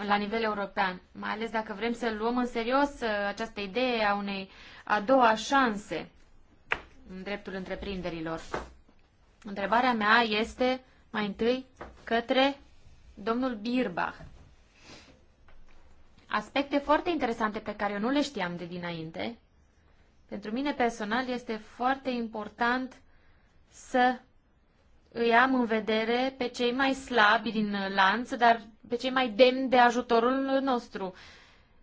la nivel european, mai ales dacă vrem să luăm în serios uh, această idee a unei a doua șanse în dreptul întreprinderilor. Întrebarea mea este mai întâi către domnul Birbach aspecte foarte interesante pe care eu nu le știam de dinainte. Pentru mine personal este foarte important să îi am în vedere pe cei mai slabi din lanț, dar pe cei mai demni de ajutorul nostru.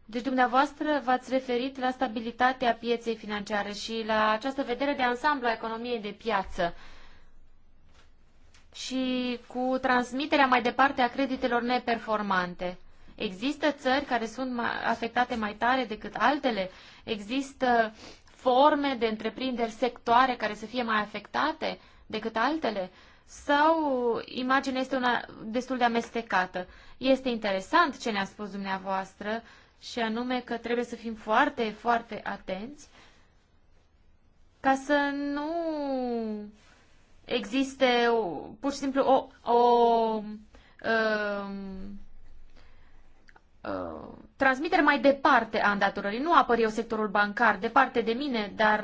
Deci dumneavoastră v-ați referit la stabilitatea pieței financiare și la această vedere de ansamblu a economiei de piață și cu transmiterea mai departe a creditelor neperformante. Există țări care sunt afectate mai tare decât altele? Există forme de întreprinderi, sectoare care să fie mai afectate decât altele? Sau imaginea este una destul de amestecată? Este interesant ce ne-a spus dumneavoastră și anume că trebuie să fim foarte, foarte atenți ca să nu existe pur și simplu o, o um, transmitere mai departe a îndatorării. Nu apăr eu sectorul bancar, departe de mine, dar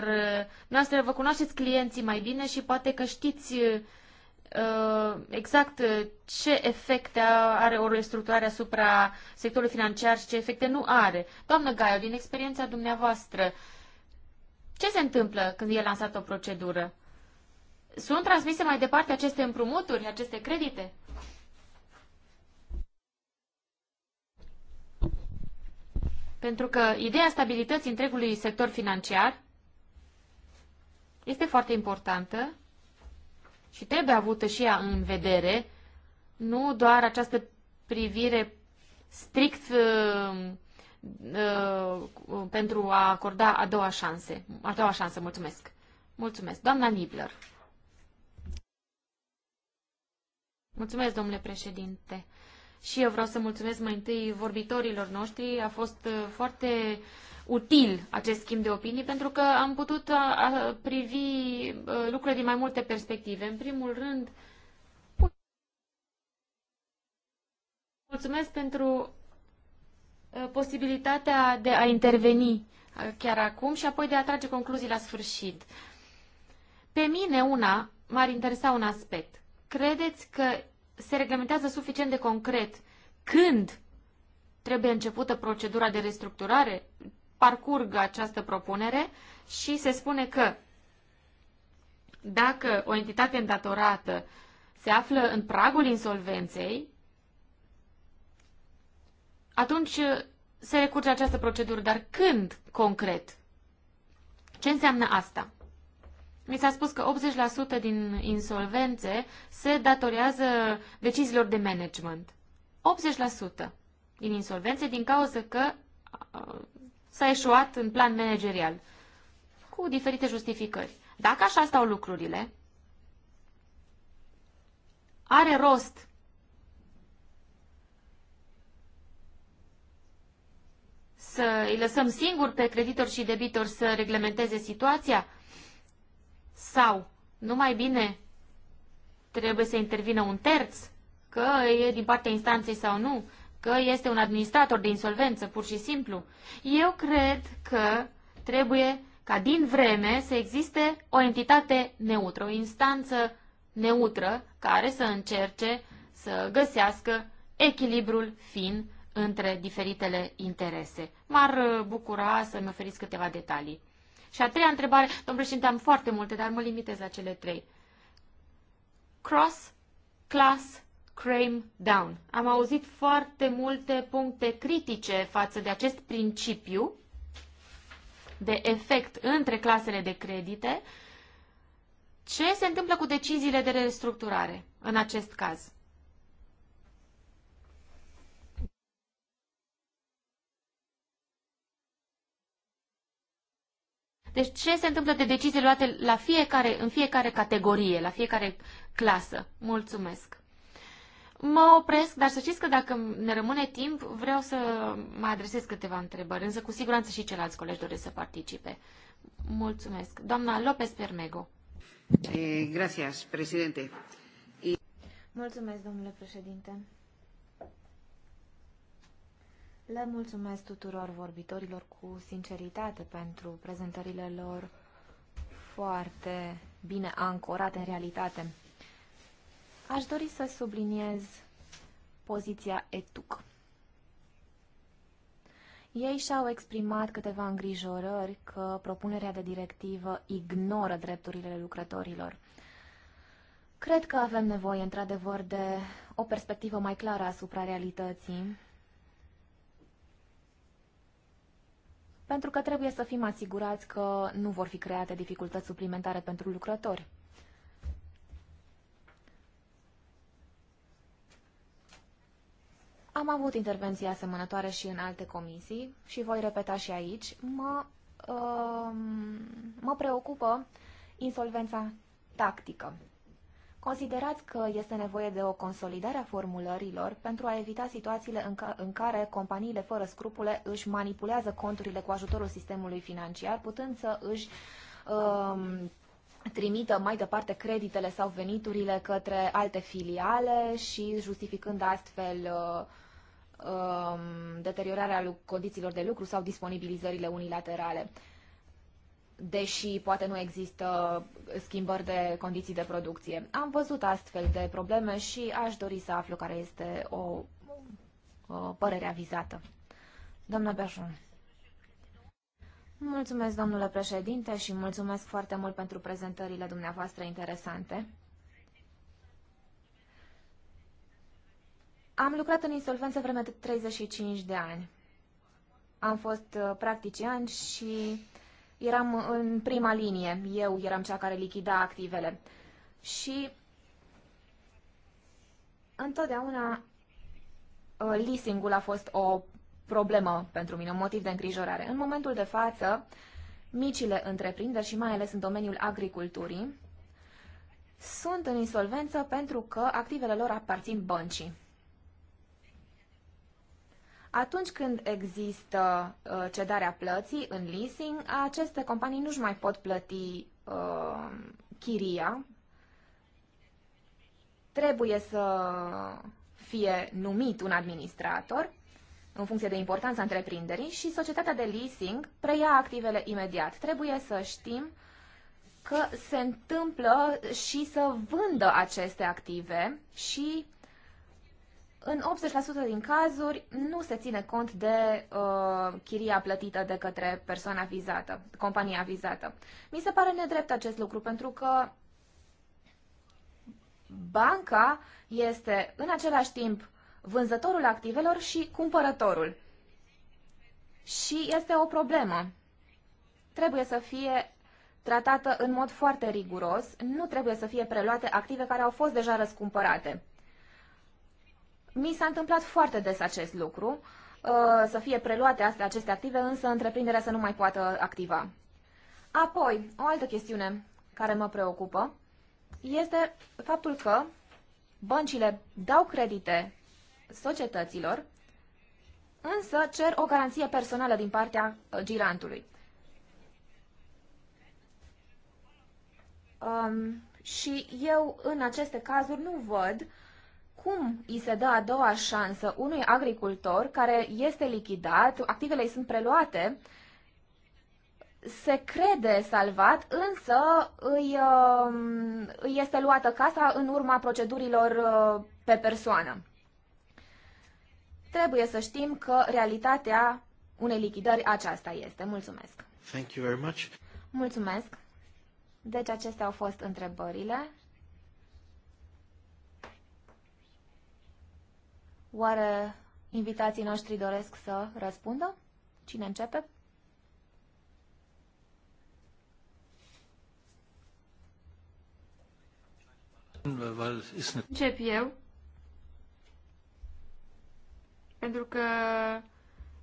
dumneavoastră uh, vă cunoașteți clienții mai bine și poate că știți uh, exact uh, ce efecte are o restructurare asupra sectorului financiar și ce efecte nu are. Doamnă Gaio, din experiența dumneavoastră, ce se întâmplă când e lansată o procedură? Sunt transmise mai departe aceste împrumuturi, aceste credite? Pentru că ideea stabilității întregului sector financiar este foarte importantă și trebuie avută și ea în vedere, nu doar această privire strict uh, uh, pentru a acorda a doua șanse. A doua șansă, mulțumesc. Mulțumesc. Doamna Nibler. Mulțumesc, domnule președinte. Și eu vreau să mulțumesc mai întâi vorbitorilor noștri. A fost uh, foarte util acest schimb de opinii pentru că am putut a, uh, a privi uh, lucrurile din mai multe perspective. În primul rând, mulțumesc pentru posibilitatea de a interveni chiar acum și apoi de a trage concluzii la sfârșit. Pe mine una m-ar interesa un aspect. Credeți că se reglementează suficient de concret când trebuie începută procedura de restructurare, parcurg această propunere și se spune că dacă o entitate îndatorată se află în pragul insolvenței, atunci se recurge această procedură. Dar când concret? Ce înseamnă asta? Mi s-a spus că 80% din insolvențe se datorează deciziilor de management. 80% din insolvențe din cauza că uh, s-a eșuat în plan managerial, cu diferite justificări. Dacă așa stau lucrurile, are rost să îi lăsăm singuri pe creditori și debitori să reglementeze situația? Sau, nu mai bine, trebuie să intervină un terț, că e din partea instanței sau nu, că este un administrator de insolvență, pur și simplu. Eu cred că trebuie ca din vreme să existe o entitate neutră, o instanță neutră care să încerce să găsească echilibrul fin între diferitele interese. M-ar uh, bucura să-mi oferiți câteva detalii. Și a treia întrebare, domnul președinte, am foarte multe, dar mă limitez la cele trei. Cross, class, crame down. Am auzit foarte multe puncte critice față de acest principiu de efect între clasele de credite. Ce se întâmplă cu deciziile de restructurare în acest caz? Deci ce se întâmplă de decizii luate la fiecare, în fiecare categorie, la fiecare clasă? Mulțumesc! Mă opresc, dar să știți că dacă ne rămâne timp, vreau să mă adresez câteva întrebări, însă cu siguranță și ceilalți colegi doresc să participe. Mulțumesc. Doamna López Permego. Eh, gracias, presidente. Mulțumesc, domnule președinte. Le mulțumesc tuturor vorbitorilor cu sinceritate pentru prezentările lor foarte bine ancorate în realitate. Aș dori să subliniez poziția ETUC. Ei și-au exprimat câteva îngrijorări că propunerea de directivă ignoră drepturile lucrătorilor. Cred că avem nevoie, într-adevăr, de o perspectivă mai clară asupra realității pentru că trebuie să fim asigurați că nu vor fi create dificultăți suplimentare pentru lucrători. Am avut intervenții asemănătoare și în alte comisii și voi repeta și aici. Mă, uh, mă preocupă insolvența tactică. Considerați că este nevoie de o consolidare a formulărilor pentru a evita situațiile în, ca, în care companiile fără scrupule își manipulează conturile cu ajutorul sistemului financiar, putând să își um, trimită mai departe creditele sau veniturile către alte filiale și justificând astfel uh, um, deteriorarea condițiilor de lucru sau disponibilizările unilaterale deși poate nu există schimbări de condiții de producție. Am văzut astfel de probleme și aș dori să aflu care este o, o părere avizată. Doamna Berjon. Mulțumesc, domnule președinte, și mulțumesc foarte mult pentru prezentările dumneavoastră interesante. Am lucrat în insolvență vreme de 35 de ani. Am fost uh, practician și eram în prima linie. Eu eram cea care lichida activele. Și întotdeauna uh, leasingul a fost o problemă pentru mine, un motiv de îngrijorare. În momentul de față, micile întreprinderi și mai ales în domeniul agriculturii sunt în insolvență pentru că activele lor aparțin băncii. Atunci când există uh, cedarea plății în leasing, aceste companii nu-și mai pot plăti uh, chiria. Trebuie să fie numit un administrator în funcție de importanța întreprinderii și societatea de leasing preia activele imediat. Trebuie să știm că se întâmplă și să vândă aceste active și în 80% din cazuri nu se ține cont de uh, chiria plătită de către persoana vizată, compania vizată. Mi se pare nedrept acest lucru pentru că banca este în același timp vânzătorul activelor și cumpărătorul. Și este o problemă. Trebuie să fie tratată în mod foarte riguros, nu trebuie să fie preluate active care au fost deja răscumpărate. Mi s-a întâmplat foarte des acest lucru, uh, să fie preluate astea, aceste active, însă întreprinderea să nu mai poată activa. Apoi, o altă chestiune care mă preocupă este faptul că băncile dau credite societăților, însă cer o garanție personală din partea uh, girantului. Um, și eu, în aceste cazuri, nu văd cum îi se dă a doua șansă unui agricultor care este lichidat, activele îi sunt preluate, se crede salvat, însă îi, um, îi este luată casa în urma procedurilor uh, pe persoană. Trebuie să știm că realitatea unei lichidări aceasta este. Mulțumesc! Thank you very much. Mulțumesc! Deci acestea au fost întrebările. Oare invitații noștri doresc să răspundă? Cine începe? Încep eu. Pentru că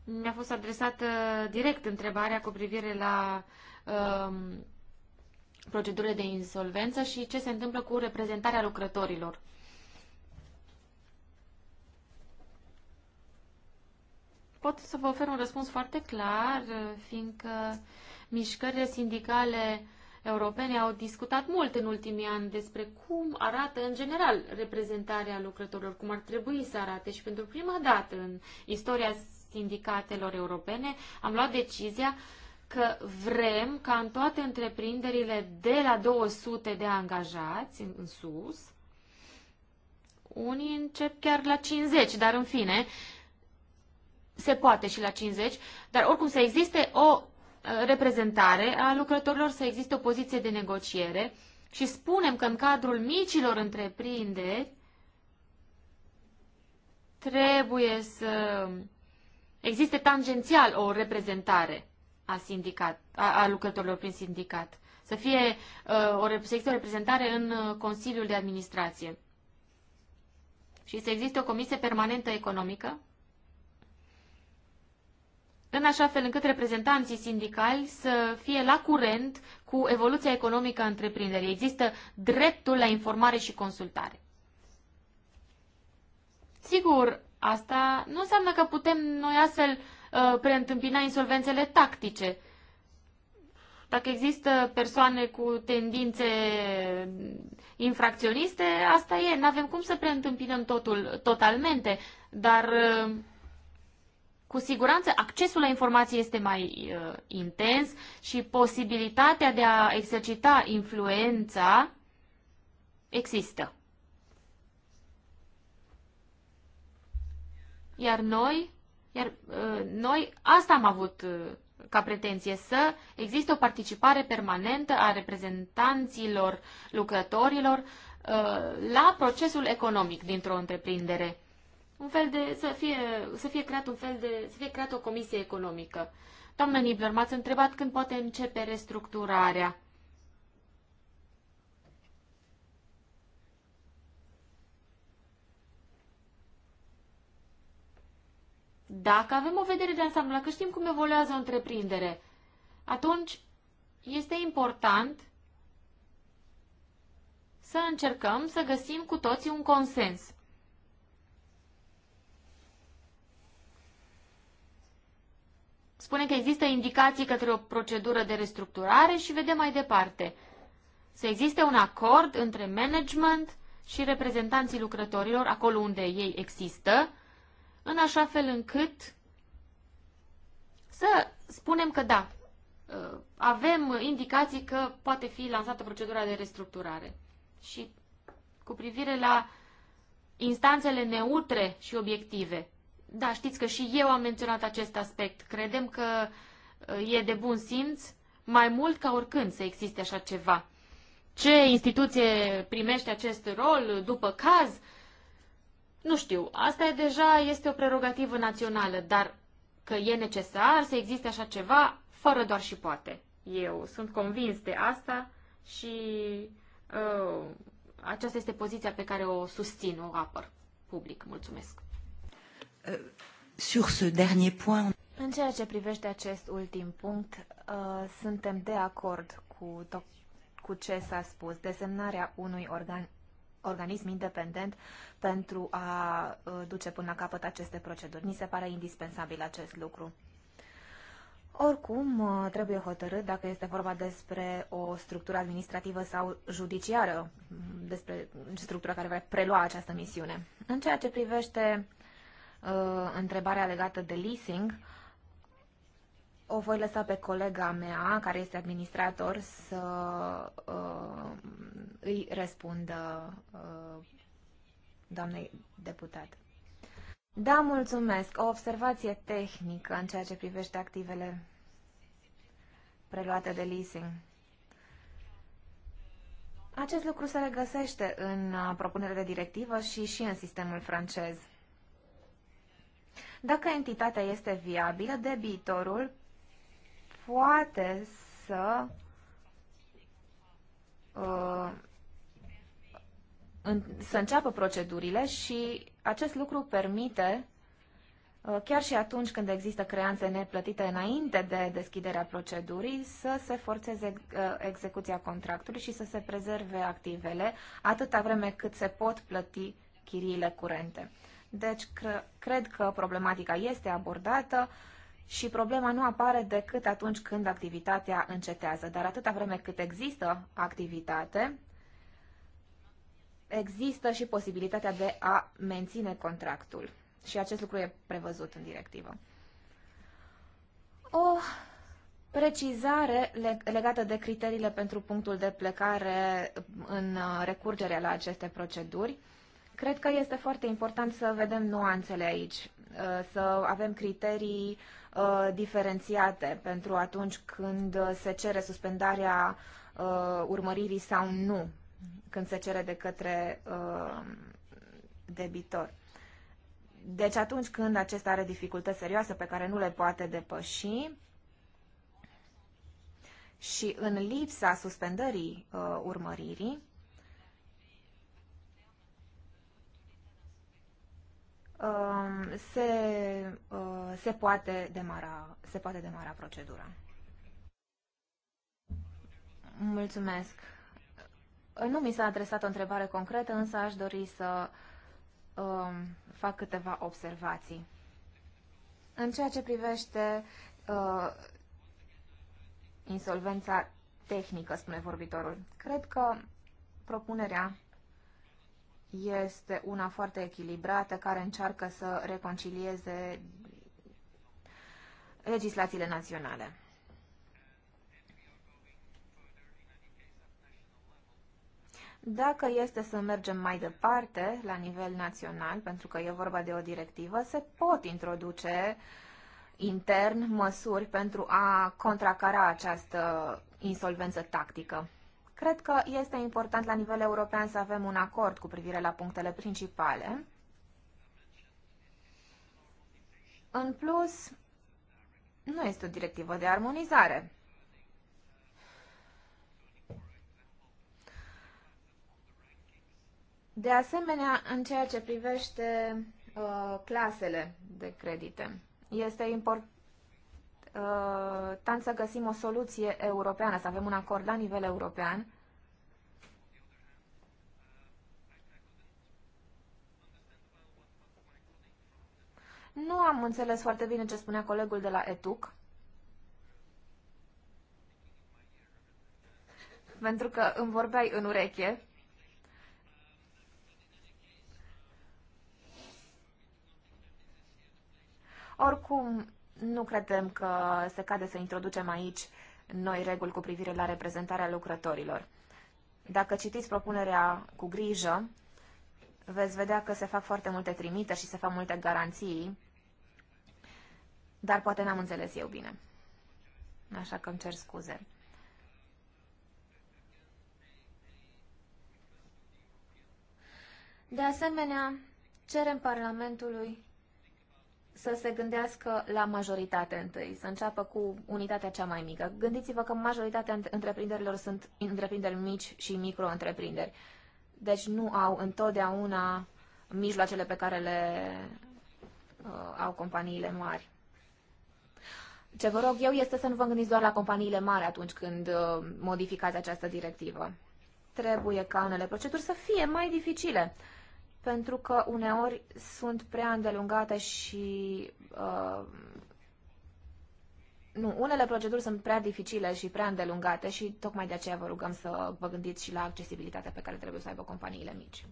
mi-a fost adresată direct întrebarea cu privire la um, procedurile de insolvență și ce se întâmplă cu reprezentarea lucrătorilor. pot să vă ofer un răspuns foarte clar, uh, fiindcă mișcările sindicale europene au discutat mult în ultimii ani despre cum arată în general reprezentarea lucrătorilor, cum ar trebui să arate și pentru prima dată în istoria sindicatelor europene am luat decizia că vrem ca în toate întreprinderile de la 200 de angajați în, sus, unii încep chiar la 50, dar în fine, se poate și la 50, dar oricum să existe o uh, reprezentare a lucrătorilor, să existe o poziție de negociere și spunem că în cadrul micilor întreprinderi trebuie să existe tangențial o reprezentare a, sindicat, a, a lucrătorilor prin sindicat. Să fie uh, o, să o reprezentare în uh, Consiliul de Administrație. Și să existe o comisie permanentă economică în așa fel încât reprezentanții sindicali să fie la curent cu evoluția economică a întreprinderii. Există dreptul la informare și consultare. Sigur, asta nu înseamnă că putem noi astfel uh, preîntâmpina insolvențele tactice. Dacă există persoane cu tendințe infracționiste, asta e. Nu avem cum să preîntâmpinăm totul totalmente, dar uh, cu siguranță accesul la informații este mai uh, intens și posibilitatea de a exercita influența există. Iar noi, iar uh, noi asta am avut uh, ca pretenție să existe o participare permanentă a reprezentanților lucrătorilor uh, la procesul economic dintr-o întreprindere un fel de, să fie, să fie creat un fel de, să fie creat o comisie economică. Doamna Nibler, m-ați întrebat când poate începe restructurarea. Dacă avem o vedere de ansamblu, că știm cum evoluează o întreprindere, atunci este important să încercăm să găsim cu toții un consens. spune că există indicații către o procedură de restructurare și vedem mai departe. Să existe un acord între management și reprezentanții lucrătorilor, acolo unde ei există, în așa fel încât să spunem că da, uh, avem indicații că poate fi lansată procedura de restructurare. Și cu privire la instanțele neutre și obiective, da, știți că și eu am menționat acest aspect. Credem că uh, e de bun simț mai mult ca oricând să existe așa ceva. Ce instituție primește acest rol după caz? Nu știu, asta e deja este o prerogativă națională, dar că e necesar să existe așa ceva, fără doar și poate. Eu sunt convins de asta și uh, aceasta este poziția pe care o susțin, o apăr public. Mulțumesc! Euh, sur ce dernier point. În ceea ce privește acest ultim punct, uh, suntem de acord cu, cu ce s-a spus. Desemnarea unui organ organism independent pentru a uh, duce până la capăt aceste proceduri. Mi se pare indispensabil acest lucru. Oricum, uh, trebuie hotărât dacă este vorba despre o structură administrativă sau judiciară, despre structura care va prelua această misiune. În ceea ce privește uh, întrebarea legată de leasing, o voi lăsa pe colega mea, care este administrator, să uh, îi răspundă uh, doamnei deputat. Da, mulțumesc. O observație tehnică în ceea ce privește activele preluate de leasing. Acest lucru se regăsește în uh, propunerea de directivă și și în sistemul francez. Dacă entitatea este viabilă, debitorul poate să uh, să înceapă procedurile și acest lucru permite uh, chiar și atunci când există creanțe neplătite înainte de deschiderea procedurii, să se forțeze uh, execuția contractului și să se prezerve activele atâta vreme cât se pot plăti chiriile curente. Deci, cre- cred că problematica este abordată și problema nu apare decât atunci când activitatea încetează. Dar atâta vreme cât există activitate, există și posibilitatea de a menține contractul. Și acest lucru e prevăzut în directivă. O precizare legată de criteriile pentru punctul de plecare în uh, recurgerea la aceste proceduri. Cred că este foarte important să vedem nuanțele aici, uh, să avem criterii uh, diferențiate pentru atunci când se cere suspendarea uh, urmăririi sau nu, când se cere de către debitor. Deci atunci când acesta are dificultăți serioase pe care nu le poate depăși și în lipsa suspendării uh, urmăririi, Um, se, uh, se, poate demara, se poate demara procedura. Mulțumesc. Nu mi s-a adresat o întrebare concretă, însă aș dori să um, fac câteva observații. În ceea ce privește uh, insolvența tehnică, spune vorbitorul, cred că propunerea este una foarte echilibrată care încearcă să reconcilieze legislațiile naționale. Dacă este să mergem mai departe la nivel național, pentru că e vorba de o directivă, se pot introduce intern măsuri pentru a contracara această insolvență tactică. Cred că este important la nivel european să avem un acord cu privire la punctele principale. În plus, nu este o directivă de armonizare. De asemenea, în ceea ce privește uh, clasele de credite, este import, important uh, să găsim o soluție europeană, să avem un acord la nivel european. Nu am înțeles foarte bine ce spunea colegul de la ETUC. Pentru că îmi vorbeai în ureche. Oricum, nu credem că se cade să introducem aici noi reguli cu privire la reprezentarea lucrătorilor. Dacă citiți propunerea cu grijă, veți vedea că se fac foarte multe trimite și se fac multe garanții, dar poate n-am înțeles eu bine. Așa că îmi cer scuze. De asemenea, cerem Parlamentului să se gândească la majoritate întâi, să înceapă cu unitatea cea mai mică. Gândiți-vă că majoritatea întreprinderilor sunt întreprinderi mici și micro-întreprinderi. Deci nu au întotdeauna mijloacele pe care le uh, au companiile mari. Ce vă rog eu este să nu vă gândiți doar la companiile mari atunci când uh, modificați această directivă. Trebuie ca unele proceduri să fie mai dificile. Uh, pentru că uneori sunt prea îndelungate și uh, nu, unele proceduri sunt prea dificile și prea îndelungate și tocmai de aceea vă rugăm să vă gândiți și la accesibilitatea pe care trebuie să aibă companiile mici.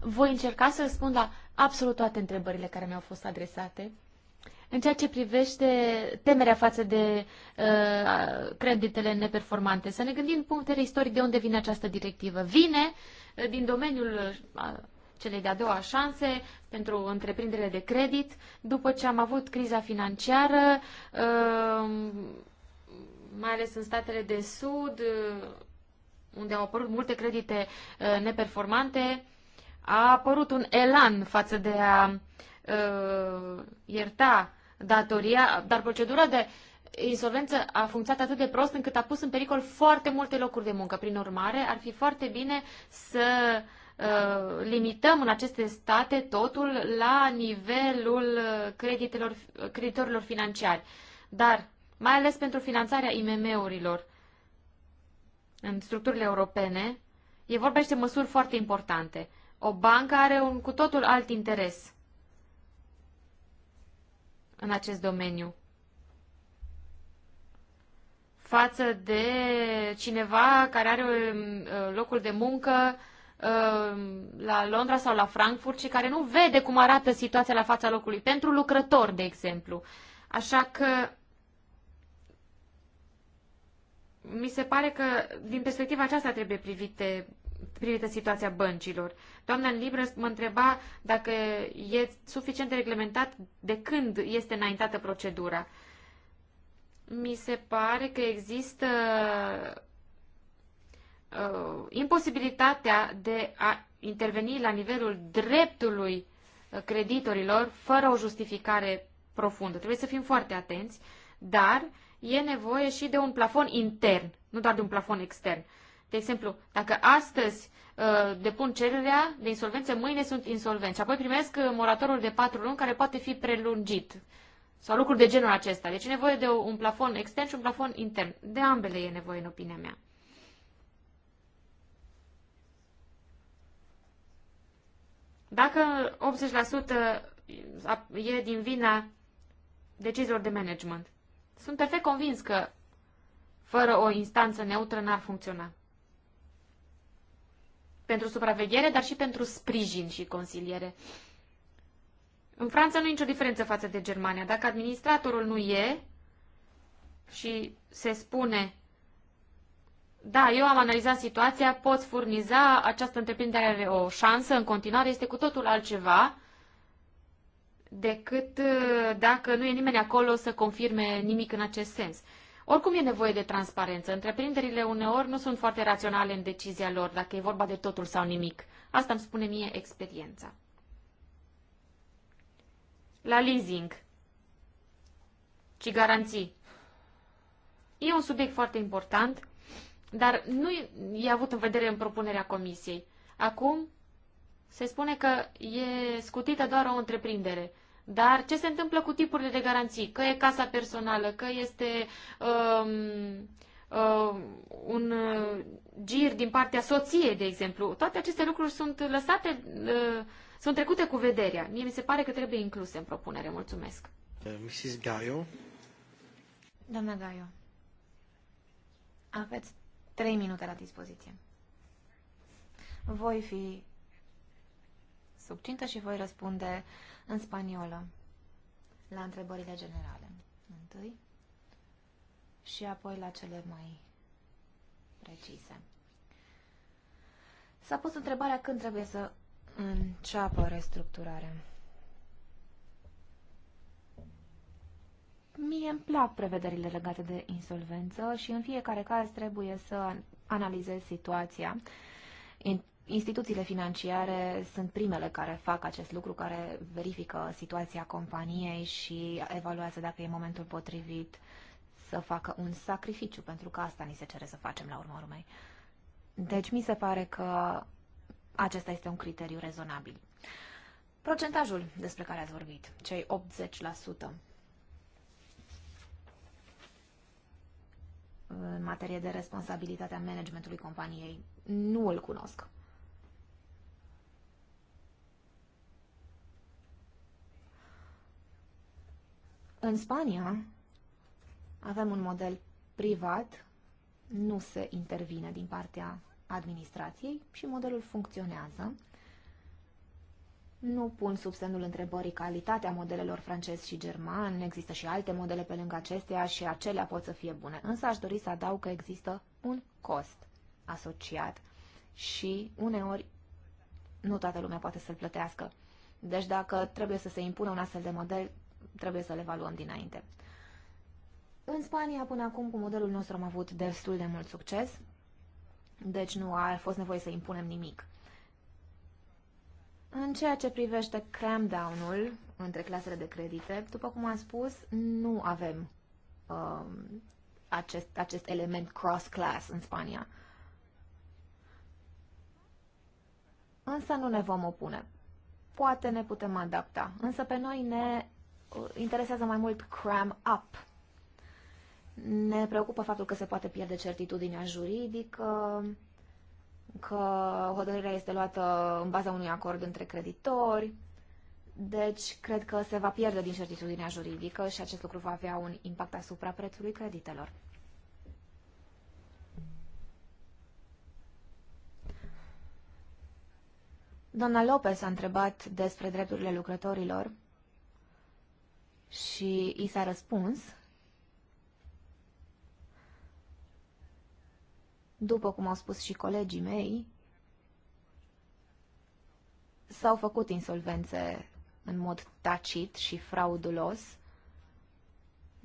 Voi încerca să răspund la absolut toate întrebările care mi-au fost adresate. În ceea ce privește temerea față de uh, creditele neperformante, să ne gândim din punct de vedere istoric de unde vine această directivă. Vine uh, din domeniul uh, celei de-a doua șanse pentru întreprinderile de credit, după ce am avut criza financiară, uh, mai ales în statele de sud, uh, unde au apărut multe credite uh, neperformante, a apărut un elan față de a uh, ierta datoria, dar procedura de insolvență a funcționat atât de prost încât a pus în pericol foarte multe locuri de muncă. Prin urmare, ar fi foarte bine să uh, limităm în aceste state totul la nivelul uh, creditelor, uh, creditorilor financiari. Dar, mai ales pentru finanțarea IMM-urilor în structurile europene, e vorba de măsuri foarte importante. O bancă are un cu totul alt interes în acest domeniu față de cineva care are um, uh, locul de muncă um, la Londra sau la Frankfurt și care nu vede cum arată situația la fața locului, pentru lucrător, de exemplu. Așa că mi se pare că din perspectiva aceasta trebuie privite privită situația băncilor. Doamna Libră mă întreba dacă e suficient de reglementat de când este înaintată procedura. Mi se pare că există uh, imposibilitatea de a interveni la nivelul dreptului uh, creditorilor fără o justificare profundă. Trebuie să fim foarte atenți, dar e nevoie și de un plafon intern, nu doar de un plafon extern. Uh, de exemplu, dacă astăzi uh, depun cererea de insolvență, mâine sunt insolvenți. apoi primesc uh, moratorul de patru luni care poate fi prelungit sau lucruri de genul acesta. Deci e nevoie de un plafon extern și un plafon intern. De ambele e nevoie, în opinia mea. Dacă 80% e din vina deciziilor de management, sunt perfect convins că fără o instanță neutră n-ar funcționa pentru supraveghere, dar și pentru sprijin și consiliere. În Franța nu e nicio diferență față de Germania. Dacă administratorul nu e și se spune, da, eu am analizat situația, poți furniza, această întreprindere are o șansă în continuare, este cu totul altceva decât uh, dacă nu e nimeni acolo să confirme nimic în acest sens. Oricum e nevoie de transparență. Întreprinderile uneori nu sunt foarte raționale în decizia lor, dacă e vorba de totul sau nimic. Asta îmi spune mie experiența. La leasing. ci garanții. E un subiect foarte important, dar nu e avut în vedere în propunerea comisiei. Acum se spune că e scutită doar o întreprindere. Dar ce se întâmplă cu tipurile de garanții? Că e casa personală, că este um, um, un uh, gir din partea soției, de exemplu. Toate aceste lucruri sunt lăsate, uh, sunt trecute cu vederea. Mie mi se pare că trebuie incluse în propunere. Mulțumesc. Uh, Mrs. Gaio. Doamna Gaio, aveți trei minute la dispoziție. Voi fi subcintă și voi răspunde uh, în spaniolă la întrebările generale întâi și apoi la cele mai precise. S-a pus întrebarea când trebuie să înceapă restructurarea. Mie îmi plac prevederile legate de insolvență și în fiecare caz trebuie să analizez situația instituțiile financiare sunt primele care fac acest lucru, care verifică situația companiei și evaluează dacă e momentul potrivit să facă un sacrificiu, pentru că asta ni se cere să facem la urma urmei. Deci mi se pare că acesta este un criteriu rezonabil. Procentajul despre care ați vorbit, cei 80%. în materie de responsabilitatea managementului companiei. Nu îl cunosc. În Spania avem un model privat, nu se intervine din partea administrației și modelul funcționează. Nu pun sub semnul întrebării calitatea modelelor francez și german, există și alte modele pe lângă acestea și acelea pot să fie bune, însă aș dori să adaug că există un cost asociat și uneori nu toată lumea poate să-l plătească. Deci dacă trebuie să se impună un astfel de model, trebuie să le evaluăm dinainte. În Spania, până acum, cu modelul nostru am avut destul de mult succes, deci nu a fost nevoie să impunem nimic. În ceea ce privește cramdown-ul între clasele de credite, după cum am spus, nu avem uh, acest, acest element cross-class în Spania. Însă nu ne vom opune. Poate ne putem adapta, însă pe noi ne interesează mai mult cram up. Ne preocupă faptul că se poate pierde certitudinea juridică, că hotărârea este luată în baza unui acord între creditori, deci cred că se va pierde din certitudinea juridică și acest lucru va avea un impact asupra prețului creditelor. Doamna Lopez a întrebat despre drepturile lucrătorilor și i s-a răspuns după cum au spus și colegii mei, s-au făcut insolvențe în mod tacit și fraudulos.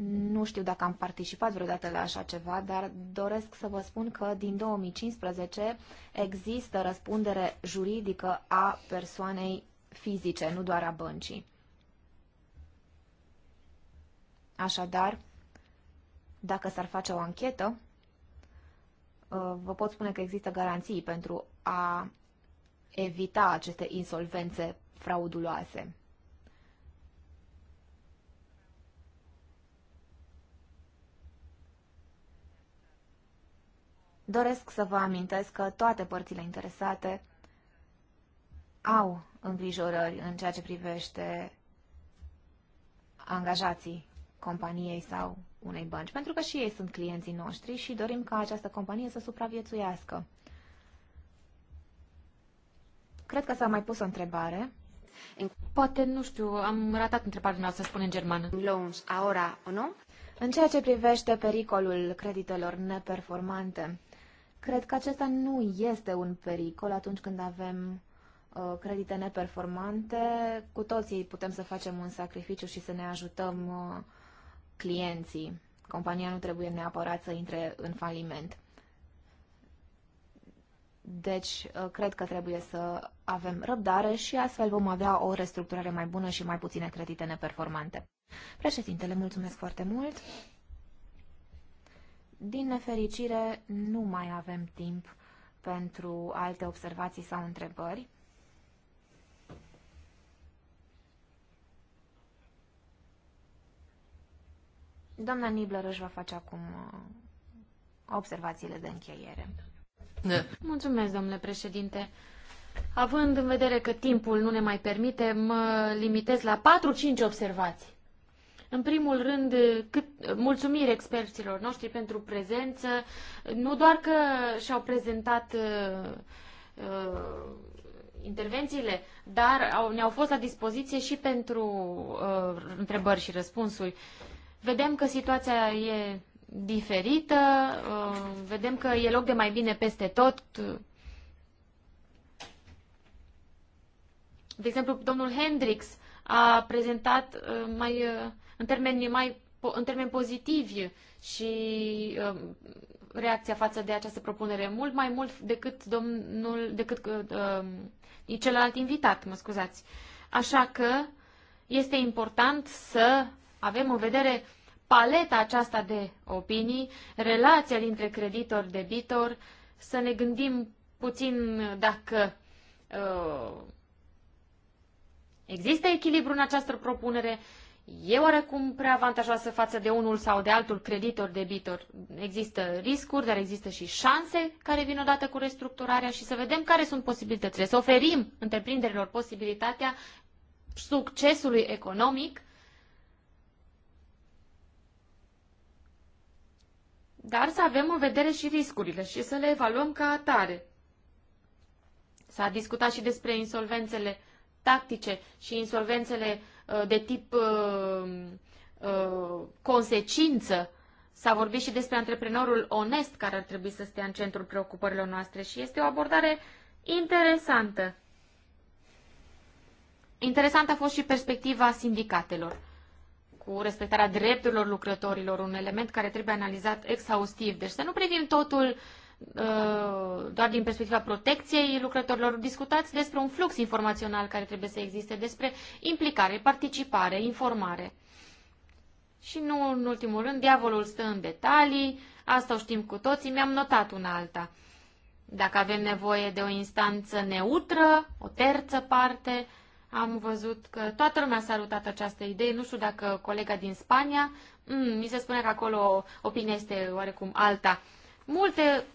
Nu știu dacă am participat vreodată la așa ceva, dar doresc să vă spun că din 2015 există răspundere juridică a persoanei fizice, nu doar a băncii. Așadar, dacă s-ar face o anchetă, uh, vă pot spune că există garanții pentru a evita aceste insolvențe frauduloase. Doresc să vă amintesc că toate părțile interesate au îngrijorări în ceea ce privește angajații companiei sau unei bănci, pentru că și ei sunt clienții noștri și dorim ca această companie să supraviețuiască. Cred că s-a mai pus o întrebare. Poate, nu știu, am ratat întrebarea noastră, spune în germană. Loans, ahora o nu? În ceea ce privește pericolul creditelor neperformante, cred că acesta nu este un pericol atunci când avem uh, credite neperformante. Cu toții putem să facem un sacrificiu și să ne ajutăm uh, clienții. Compania nu trebuie neapărat să intre în faliment. Deci, uh, cred că trebuie să avem răbdare și astfel vom avea o restructurare mai bună și mai puține credite neperformante. Președintele, mulțumesc foarte mult! Din nefericire, nu mai avem timp pentru alte observații sau întrebări. Doamna Nibler își va face acum uh, observațiile de încheiere. Da. Mulțumesc, domnule președinte. Având în vedere că timpul nu ne mai permite, mă limitez la 4-5 observații. În primul rând, cât, mulțumiri experților noștri pentru prezență, nu doar că și-au prezentat uh, uh intervențiile, dar au, ne-au fost la dispoziție și pentru uh, întrebări și răspunsuri. Uh, Vedem că situația e diferită, uh, vedem că e loc de mai bine peste tot. De exemplu, domnul Hendrix a prezentat uh, mai, uh, în termeni mai în termeni pozitivi și reacția față de această propunere mult mai mult decât domnul decât uh, celălalt invitat, mă scuzați. Așa că este important să avem în vedere paleta aceasta de opinii, relația dintre creditor-debitor, să ne gândim puțin dacă uh, există echilibru în această propunere, e oarecum prea avantajoasă față de unul sau de altul creditor-debitor. Există riscuri, dar există și șanse care vin odată cu restructurarea și să vedem care sunt posibilitățile. Să oferim întreprinderilor posibilitatea succesului economic dar să avem în vedere și riscurile și să le evaluăm ca atare. S-a discutat și despre insolvențele tactice și insolvențele uh, de tip uh, uh, consecință. S-a vorbit și despre antreprenorul onest care ar trebui să stea în centrul preocupărilor noastre și este o abordare interesantă. Interesantă a fost și perspectiva sindicatelor cu respectarea drepturilor lucrătorilor, un element care trebuie analizat exhaustiv. Deci să nu privim totul uh, doar din perspectiva protecției lucrătorilor. Discutați despre un flux informațional care trebuie să existe, despre implicare, participare, informare. Și nu în ultimul rând, diavolul stă în detalii, asta o știm cu toții, mi-am notat una alta. Dacă avem nevoie de o instanță neutră, o terță parte, am văzut că toată lumea a salutat această idee. Nu știu dacă colega din Spania, mm, mi se spune că acolo opinia este oarecum alta. Multe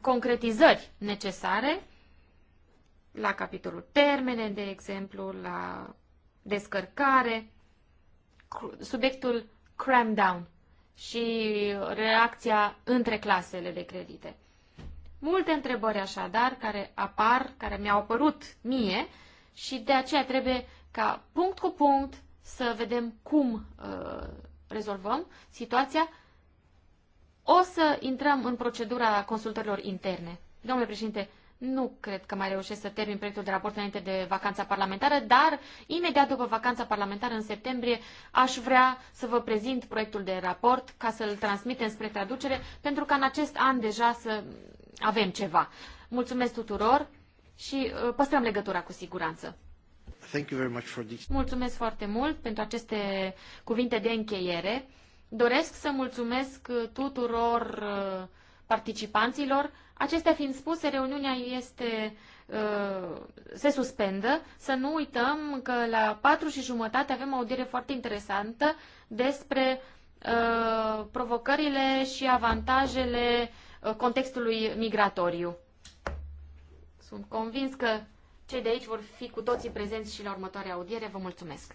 concretizări necesare la capitolul termene, de exemplu, la descărcare, subiectul cram down și reacția între clasele de credite. Multe întrebări așadar care apar, care mi-au apărut mie și de aceea trebuie ca punct cu punct să vedem cum uh, rezolvăm situația. O să intrăm în procedura consultărilor interne. Domnule președinte, nu cred că mai reușesc să termin proiectul de raport înainte de vacanța parlamentară, dar imediat după vacanța parlamentară, în septembrie, aș vrea să vă prezint proiectul de raport ca să-l transmitem spre traducere, pentru ca în acest an deja să avem ceva. Mulțumesc tuturor! și uh, păstrăm legătura cu siguranță. Thank you very much for this. Mulțumesc foarte mult pentru aceste cuvinte de încheiere. Doresc să mulțumesc uh, tuturor uh, participanților. Acestea fiind spuse, reuniunea este se suspendă. Să nu uităm că la patru și jumătate avem o audiere foarte interesantă despre provocările și avantajele contextului migratoriu. Sunt convins că cei de aici vor fi cu toții prezenți și la următoarea audiere. Vă mulțumesc!